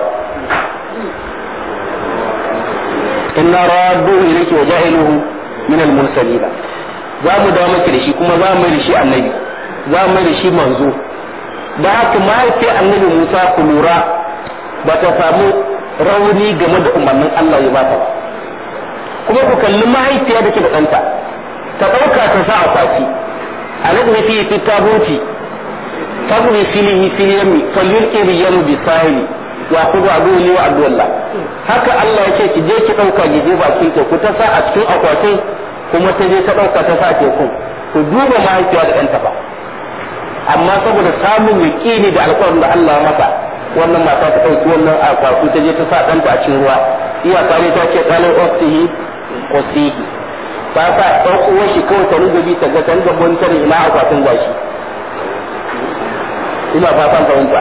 inna raddu ilayki wa ja'iluhu min al mursalin za mu dawo miki da shi kuma za mu yi da shi annabi za mu yi da shi manzo da haka mahaifiyar annabi Musa ku lura ba ta samu rauni game da umarnin Allah ya bata kuma ku kalli mahaifiya da ke da ɗanta ta ɗauka ta sa a kwaci a nan fi fi tabuti tabri fili yammi yami iri riyalu bi sahili wa kudu aduwli wa abdullah haka Allah ya ce ki je ki ɗauka ki je bakin teku ta sa a cikin akwatin kuma ta je ta ɗauka ta sa a teku ku duba mahaifiya da ɗanta ba amma saboda samun yaƙini da alƙawarin da Allah masa wannan mata ta ɗauki wannan akwatu ta je ta sa ɗanta a cikin ruwa iya kwani ta ce ɗanin oksihi oksihi ba sa ɗan uwar shi kawai ta bi ta ga ta rububi ta tare ina akwatun gashi ina fatan fahimta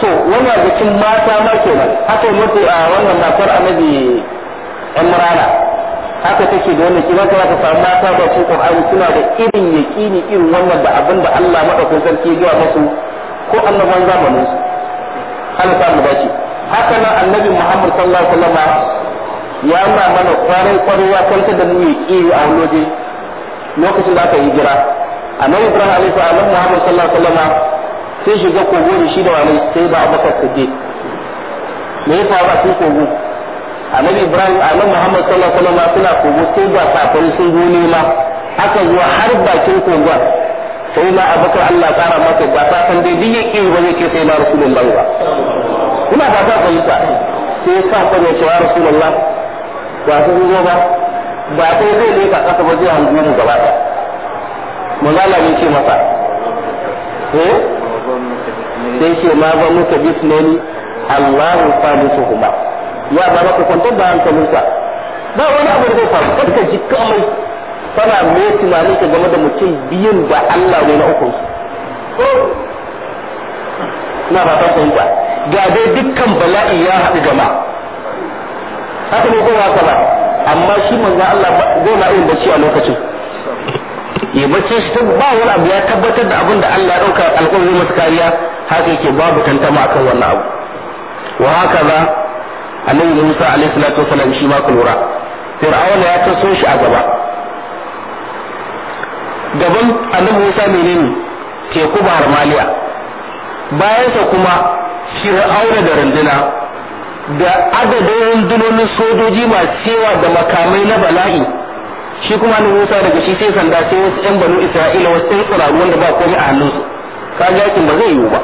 so wannan a cikin mata ma kenan nan haka mutu a wannan matar annabi imrana haka take da wannan kima ta ta samu mata ba cikin qur'ani suna da irin yaqini irin wannan da abin da Allah madaukakin sarki ya musu ko annaban zamanin su an samu dace haka nan annabi Muhammad sallallahu alaihi ya ma mana kwarin kwarewa kanta da mu yi a wani lokacin da aka yi jira annabi Ibrahim alaihi salam Muhammad sallallahu alaihi wasallam sai shiga kogo da shi da wani sai da Abubakar Siddiq me ya faru a cikin kogo annabi Ibrahim annabi Muhammad sallallahu alaihi wasallam suna kogo sai ba safari sai zo nema aka zuwa har bakin kogon sai ma abakar Allah tsara masa ba ta san dai duk yake ba zai sai ma rasulun ba ina ba ta fahimta sai sa ta ne cewa rasulullah ba sun zo ba ba sai zai ne ka kasa ba zai hanzu mu gaba ta manzala ne ce masa eh sai ce ma ba muka bisnani Allah ta ya ba maka kwantar ka hankalinka ba wani abu da zai faru kar ka ji kamar kana me tunanin ka game da mutum biyun ba Allah ne na ukun na fatan fahimta ga dai dukkan bala'i ya haɗu gama haka ne kowa haka ba amma shi manzo Allah zai na yin bacci a lokacin ya bacci shi ta ba wani abu ya tabbatar da abin da Allah ya ɗauka alƙawarin masu kariya haka yake babu tantama akan wannan abu wa haka ba annabi Musa alaihi salatu wasallam shi ma kulura fir'auna ya taso shi a gaba gaban annabi Musa menene teku ba maliya bayansa kuma fir'auna da runduna da adadin rundunonin sojoji masu cewa da makamai na bala'i shi kuma annabi Musa daga shi sai sanda sai wasu yan banu Isra'ila wasu yan tsiraru wanda ba komai a hannunsu kaga yakin ba zai yiwu ba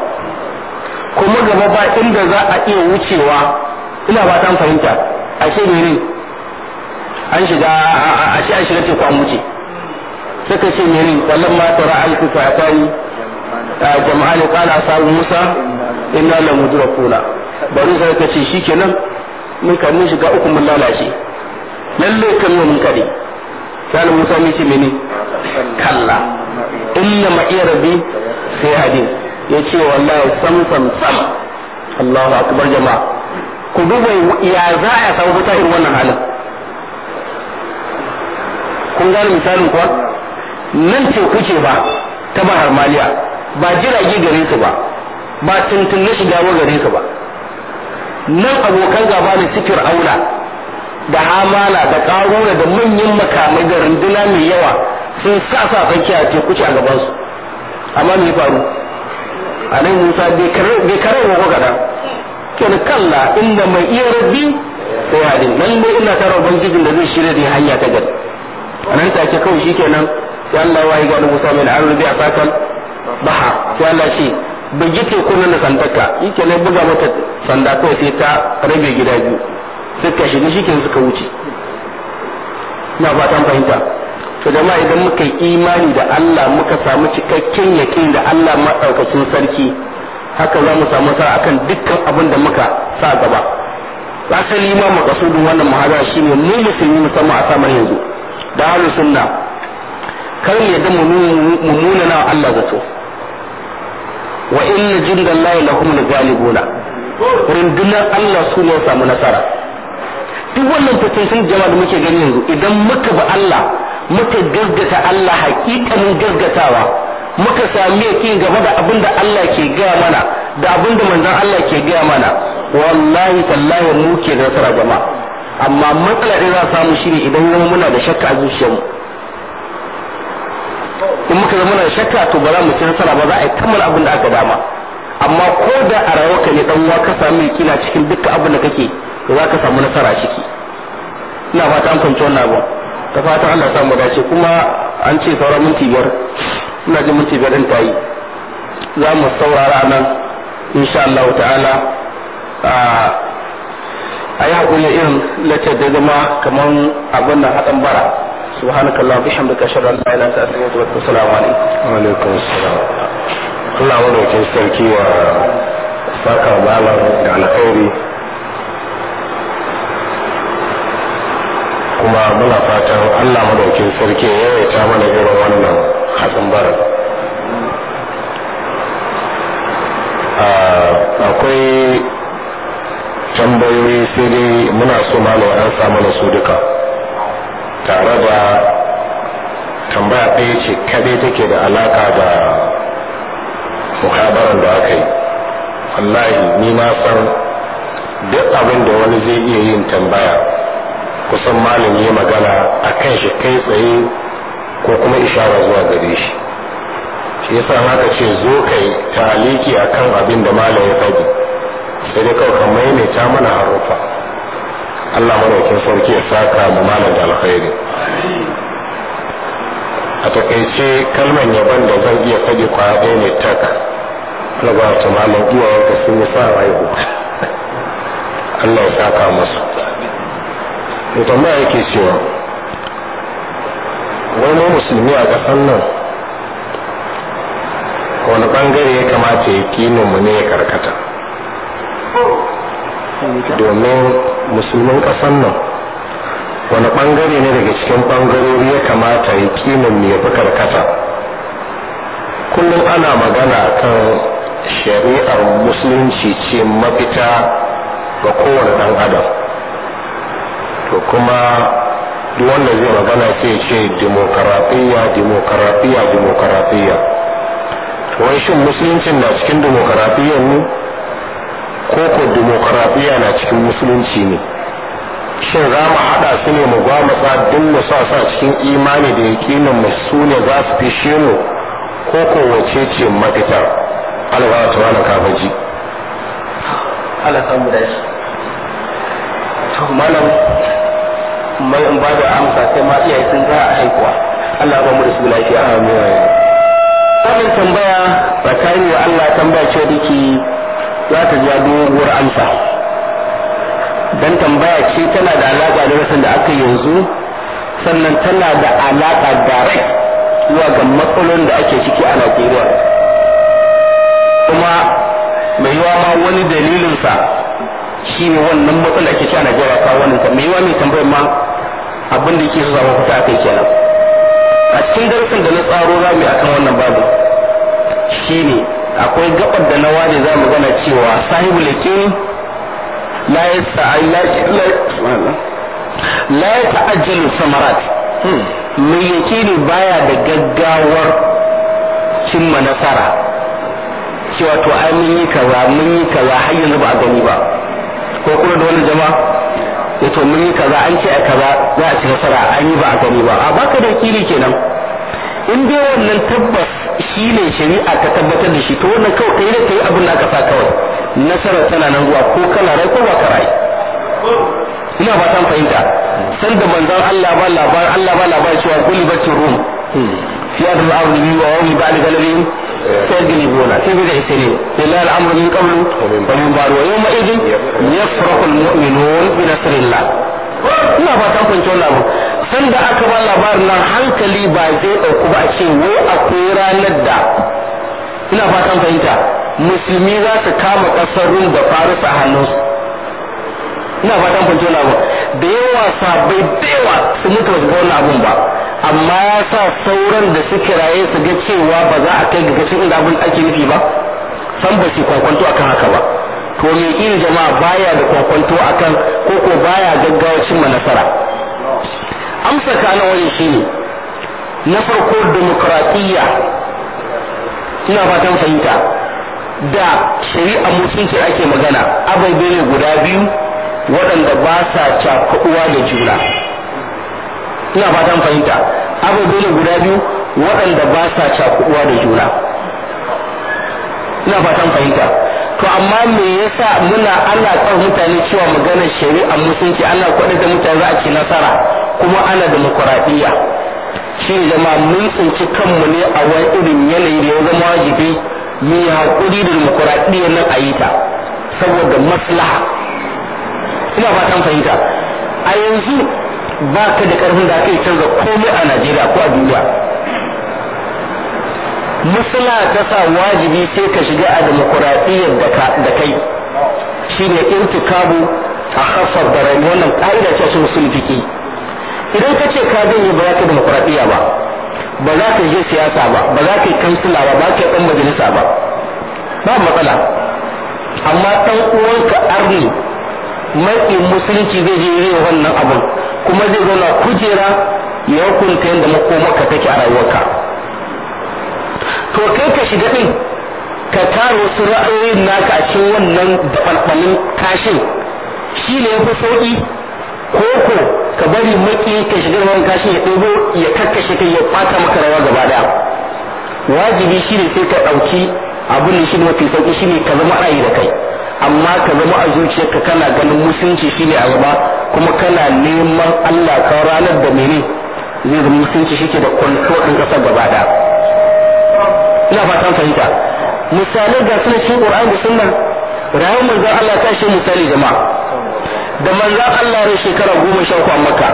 kuma gaba ba inda za a iya wucewa ina ba ta fahimta ashe ne an shiga ashe an shiga teku an wuce suka ce mene wallan ma tara alku fa jama'a ne kana asabu musa inna la mudrakuna bari sai ka ce shikenan mun kan mun shiga uku mun lalace lalle kan mun kade kan musa ne ce mene kalla inna ma rabbi sai hadin yace wallahi sam sam sam Allahu akbar jama'a ku duba ya za a samu fita irin wannan halin kun gane misalin kuwa nan teku ce ba ta bahar maliya ba jirage gare su ba ba tuntun na shiga gare su ba nan abokan gaba ne su fir'auna da hamala da karuna da manyan makamai da runduna mai yawa sun sa sa a teku ce a gabansu amma me faru A nan musa bai karar wa gada kenan kalla inda mai iya rabbi sai hadin nan mai ina tara ubangijin da zai shirya da hanya ta gari a nan take kawai shi kenan sai Allah wayi ga Musa min arul bi asakan baha sai Allah ce ko nan da sandarka yake ne buga mata sanda kawai sai ta rage gida biyu suka shiga shikin suka wuce ina fatan fahimta to jama'a idan muka yi imani da Allah muka samu cikakken yakin da Allah maɗaukakin sarki haka za mu samu sa akan dukkan abin da muka sa gaba asali ma makasudin wannan muhadara shine mu musulmi musamman a samar yanzu da ahlus sunna kar ya yadda mu nuna na Allah zato wa inna jundallahi lahum galibuna ghalibuna rundunar Allah su ne samu nasara duk wannan fitancin jama'a da muke gani yanzu idan muka ba Allah muka gargata Allah hakikanin gargatawa muka sami yakin gaba da abin da Allah ke gaya mana da abin da manzon Allah ke gaya mana wallahi tallahi mu ke da nasara jama'a amma matsala da za samu shine idan muna da shakka a zuciyarmu in muka zama na shakka to ba za mu ci nasara ba za a yi kammala abin da aka dama amma ko da a ka ne dan uwa ka samu kila cikin dukkan abin da kake to za ka samu nasara ciki ina fata an fahimci wannan abin ta fata Allah ya samu dace kuma an ce sauran minti biyar ina jin minti biyar din tayi za mu saurara nan insha Allah ta'ala a yi haƙuri irin lacce da zama kamar abin nan haɗin bara سبحانك اللهم وبحمدك اشهد ان لا اله الا انت استغفرك والسلام عليكم وعليكم السلام Allah madaukin sarki wa saka balar da alkhairi kuma muna fatan Allah madaukin sarki ya yawaita mana irin wannan hatsin bar. Ah, akwai tambayoyi sai dai muna so malawa an samu na su duka tare da tambaya ɗaya ce kaɗai take da alaka da muhabaran da aka yi wallahi ni na san duk abin da wani zai iya yin tambaya kusan malam yi magana a kan shi kai tsaye ko kuma ishara zuwa gare shi shi yasa haka ce zo kai taliki kan abin da malam ya faɗi sai dai kawai ka maimaita mana harufa Allah madaukin sarki ya saka mu malam da alkhairi a takaice kalmar yaban da zan iya faɗi kwaya ɗaya ne tak ba wata malam iyayenka sun yi sa raihu Allah ya saka masu to tambaya yake cewa wani musulmi a ƙasar nan wani bangare ya kamata ya kino mu ne ya karkata domin musulman ƙasar nan wani bangare ne daga cikin ɓangarori ya kamata ya kimin mai fi karkata kullum ana magana kan shari'ar musulunci ce mafita ga kowane ɗan adam to kuma duk wanda zai magana ce ce dimokaraɗiyya dimokaraɗiyya dimokaraɗiyya to wai shin musuluncin na cikin dimokaraɗiyyar ne koko demokradiyya na cikin musulunci ne shin za mu haɗa su ne mu gwamutsa duk mu sa sa cikin imani da yaƙinin mu su ne za su fishe mu koko wace ce mafita alwala ta wani kafaji alasan mu da shi to malam mai in ba da amsa sai ma iyaye sun za a haikuwa Allah ba mu da su lafiya amin wannan tambaya tsakanin Allah tambaya ce dake za ta ja doguwar amsa dan tambaya ce tana da alaƙa da rasan da aka yanzu sannan tana da alaƙa direct zuwa ga matsalolin da ake ciki a Najeriya kuma mai yawa ma wani dalilinsa shi ne wannan matsalar ake ci a Najeriya kawo wannan ta mai yawa mai tambayar ma abin da yake so zama fita akai kenan a cikin darasin da na tsaro za mu yi akan wannan babu shine akwai gabar da na ware za mu gana cewa sahibul yaqini la ya la yata'ajjalu samarat hmm. mai yaqini baya da gaggawar cimma nasara cewa to ai mun yi kaza mun yi kaza har yanzu ba a gani ba ko kuma da wani jama'a ya eh to mun yi kaza an ce a kaza za a ci nasara an yi ba a gani ba a baka da kiri kenan in dai wannan tabbas shi ne shari'a ta tabbatar da shi to wannan kawai kai ne kai abin da aka sa kawai nasarar tana nan zuwa ko kana rai ko ba ka rai ina ba san fahimta san da manzon Allah ba labar Allah ba labar cewa kulli bacin rum fi adu al-ardi wa hum ba'da galabin bona sai bi da isri lillahi al-amru min qablu wa min ba'd wa yawma idin yafrahu al-mu'minun bi nasrillah ina ba san fahimta wannan sanda aka ba labarin nan hankali ba zai ɗauku ba a ce wai akwai ranar da ina fatan fahimta musulmi za su kama ƙasar rum da faris a hannunsu ina fatan fahimta wani abu da yawa sabai da yawa su mutu ba su ga wani abun ba amma ya sa sauran da suke raye su ga cewa ba za a kai ga inda abin ake nufi ba san ba su kwankwanto akan haka ba to me irin jama'a baya da kwankwanto akan ko ko baya gaggawa cimma nasara amsa ta na wani ne na farko demokradiyya ina fatan fahimta da shari'a mutunci ake magana ababe ne guda biyu waɗanda ba sa cakuɗuwa da juna ina fatan fahimta ababe ne guda biyu waɗanda ba sa cakuɗuwa da juna ina fatan fahimta to amma me yasa muna ana kan mutane cewa magana shari'a musunci ana kwaɗa da mutane za a ci nasara kuma ana demokuraɗiyya shi jama'a mun tsinci kanmu ne a wani irin yanayi da ya zama wajibi mu yi haƙuri da demokuraɗiyya nan a yi ta saboda maslaha ina fatan fahimta a yanzu ba ka da ƙarfin da aka yi canza komai a najeriya ko a duniya musula ta sa wajibi sai ka shiga a demokuraɗiyyar da kai shi ne irtikabu a hasar da rai wannan ƙa'ida ce su musul idan ka ce ka zai yi ba za ka demokuraɗiyya ba ba za ka yi siyasa ba ba za ka yi kansila ba ba ka yi ɗan majalisa ba ba matsala amma ɗan uwanka arni matsi musulunci zai je yi wannan abin kuma zai zauna kujera ya hukunta yadda makomaka take a rayuwarka to kai ka shiga din ka tara wasu ra'ayoyin naka a cikin wannan dabalbalin kashin shi ne yafi sauki ko ko ka bari maki ka shiga wannan kashin ya ɗebo ya kakkashe kai ya ɓata maka rawa gaba daya wajibi shi ne sai ka ɗauki abin da shi ne mafi sauki shi ne ka zama ra'ayi da kai amma ka zama a zuciyarka kana ganin musulunci ne a gaba kuma kana neman Allah ka ranar da mene zai zama musulunci ke da kwanto ɗin ƙasar gaba daya ina fata an fahimta misalai ga suna cikin qur'ani da sunna rayuwar manzo Allah ta shi misali jama'a da manzo Allah ya shekara goma sha a makka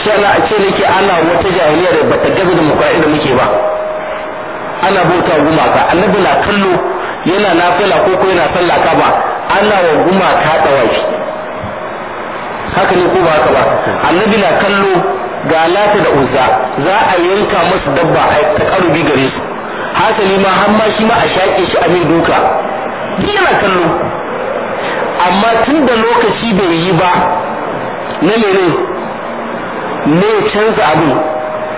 shi Allah a ce nake ana wata jahiliya da bata gaza da mukwai da muke ba ana bauta gumaka annabi na kallo yana nafila ko ko yana sallah ka ba ana wa gumaka tsawafi haka ne ko ba haka ba annabi na kallo ga lata da uzza za a yanka masu dabba a karubi gare su hasali ma har ma shi ma a shaƙe shi a mai duka yana kallo amma tun da lokaci bai yi ba na mene ne canza abin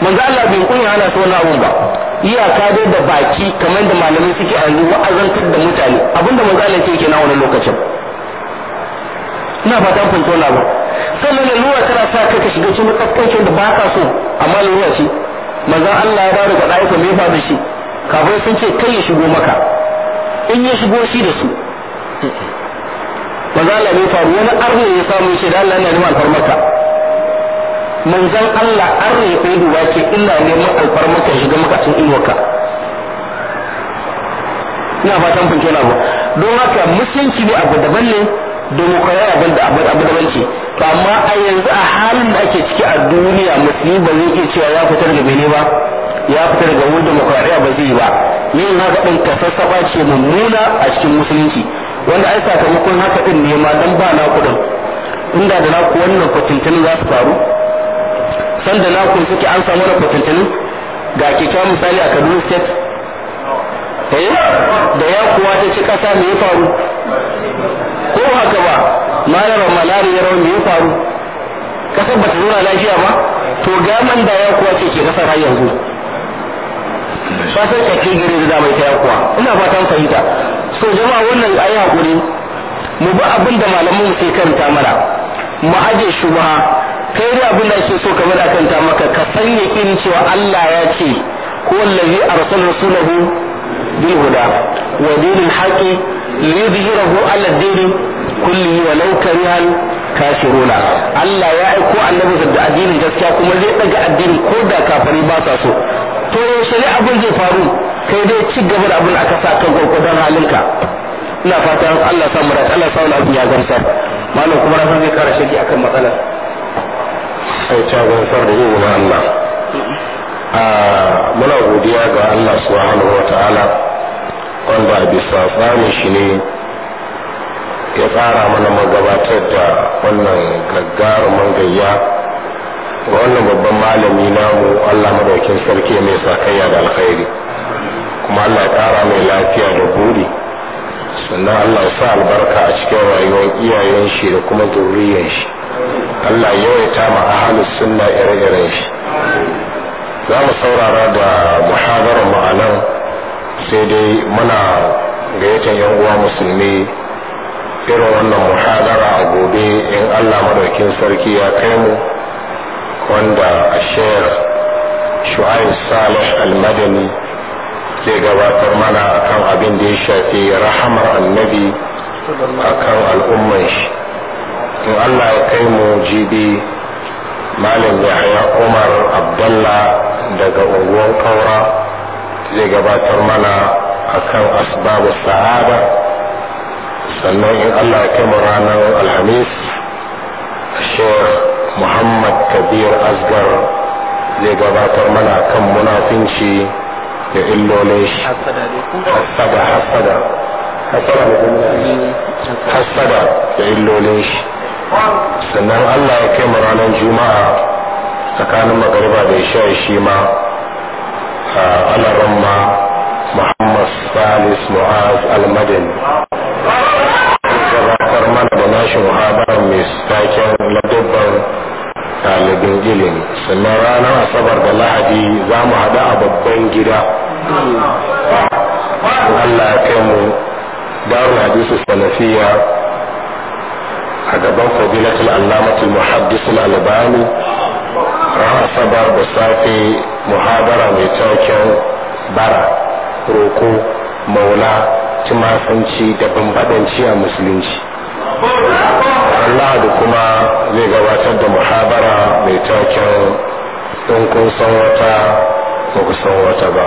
manzo Allah bai kunya hana so na abun ba iyaka dai da baki kamar da malamai suke a yanzu wa'azantar da mutane abinda manzo Allah yake kenan wani lokacin ina fatan fahimta wannan sannan lalura tana sa kai ka shiga cikin kafkanci da ba ka so amma lalura ce manzon Allah ya bada kwaɗa ko me ba faru shi kafin sun ce kai ya shigo maka in ya shigo shi da su manzon Allah ya faru wani arne ya samu shi da Allah ya neman alfarmaka manzon Allah arne ya kai duba ce ina neman alfarmaka shiga maka cikin inuwarka ina fatan kun kenan don haka musulunci ne abu daban ne demokariya abin da abin da banki to amma a yanzu a halin da ake ciki a duniya musulmi ba zai iya cewa ya fitar da bene ba ya fitar daga wurin demokariya ba zai ba yin ga din kasassaba ce mummuna a cikin musulunci wanda ai sakamakon haka din ne ma dan ba na kudin inda da naku wannan kwatantanin za su faru sanda naku suke an samu wannan kwatantanin ga kyakkyawan misali a kaduna state eh da ya kuwa ta ci kasa me ya faru ko haka ba malar malari ya rawan ya faru kasar ba ta nuna lafiya ba to ga man da ya kuwa ce ke kasar har yanzu fatan kake gare da mai ta kuwa ina fatan fahimta so jama'a wannan ayi hakuri mu bi abin da malaman mu ke ta mana mu aje shubha kai da abin da ke so ka bada kanta maka ka sanya in cewa Allah ya ce ko wallazi arsala rasulahu بالهدى ودين الحق ليظهره على الدين كله ولو كره الكافرون الله يا اخو النبي صلى الله عليه وسلم كما زي دغا الدين كودا كافري با سو تو يوصل ابو زي فارو كاي دي تشي غبا ابو اكا سا كغوغدان حالنكا ان فاتان الله سامر الله سامر ابو يا غمسا ما لو كبر سان كي كارشي اكن مثلا اي تشا غنسر دغه الله muna godiya ga Allah subhanahu wa ta'ala wanda a bisa tsarin shi ne ya tsara mana magabatar da wannan gaggarumin gayya ga wannan babban malami namu Allah madaukin sarki mai sakayya da alkhairi kuma Allah ya ƙara mai lafiya da buri sannan Allah sa albarka a cikin rayuwar iyayen shi da kuma zuriyar shi Allah yawaita ma halin sunna ire-iren shi za mu saurara da muhadarar mu a sai dai muna gayyatar yan uwa musulmi irin wannan muhadara a gobe in allah madaukin sarki ya kai mu wanda a shayar shu'ayin salih almadani zai gabatar mana kan abin da ya shafi rahamar annabi akan kan shi in allah ya kai mu jibi malam yahya umar abdullah daga unguwan kaura zai gabatar mana akan asbabu sa'ada sannan in allah ya kai mu ranar alhamis shehu muhammad kabir asgar zai gabatar mana kan munafinci da illolin shi hasada hasada hassada da illolin shi sannan Allah ya kai mu ranar juma'a tsakanin magariba da isha shi ma a alaran ma Muhammad Salis Mu'az Almadin gabatar mana da nashi muhabarar mai faken ladabban ɗalibin ilimi sannan ranar asabar da lahadi za mu haɗu a babban gida Allah ya kai mu darul hadisu salafiya a gaban fadilatul allamatul muhaddisul albani ran asabar da safe muhabara mai taken bara roko maula tumasanci da bambadanci a musulunci Allah da kuma zai gabatar da muhabara mai taken don kun san wata ba ku san wata ba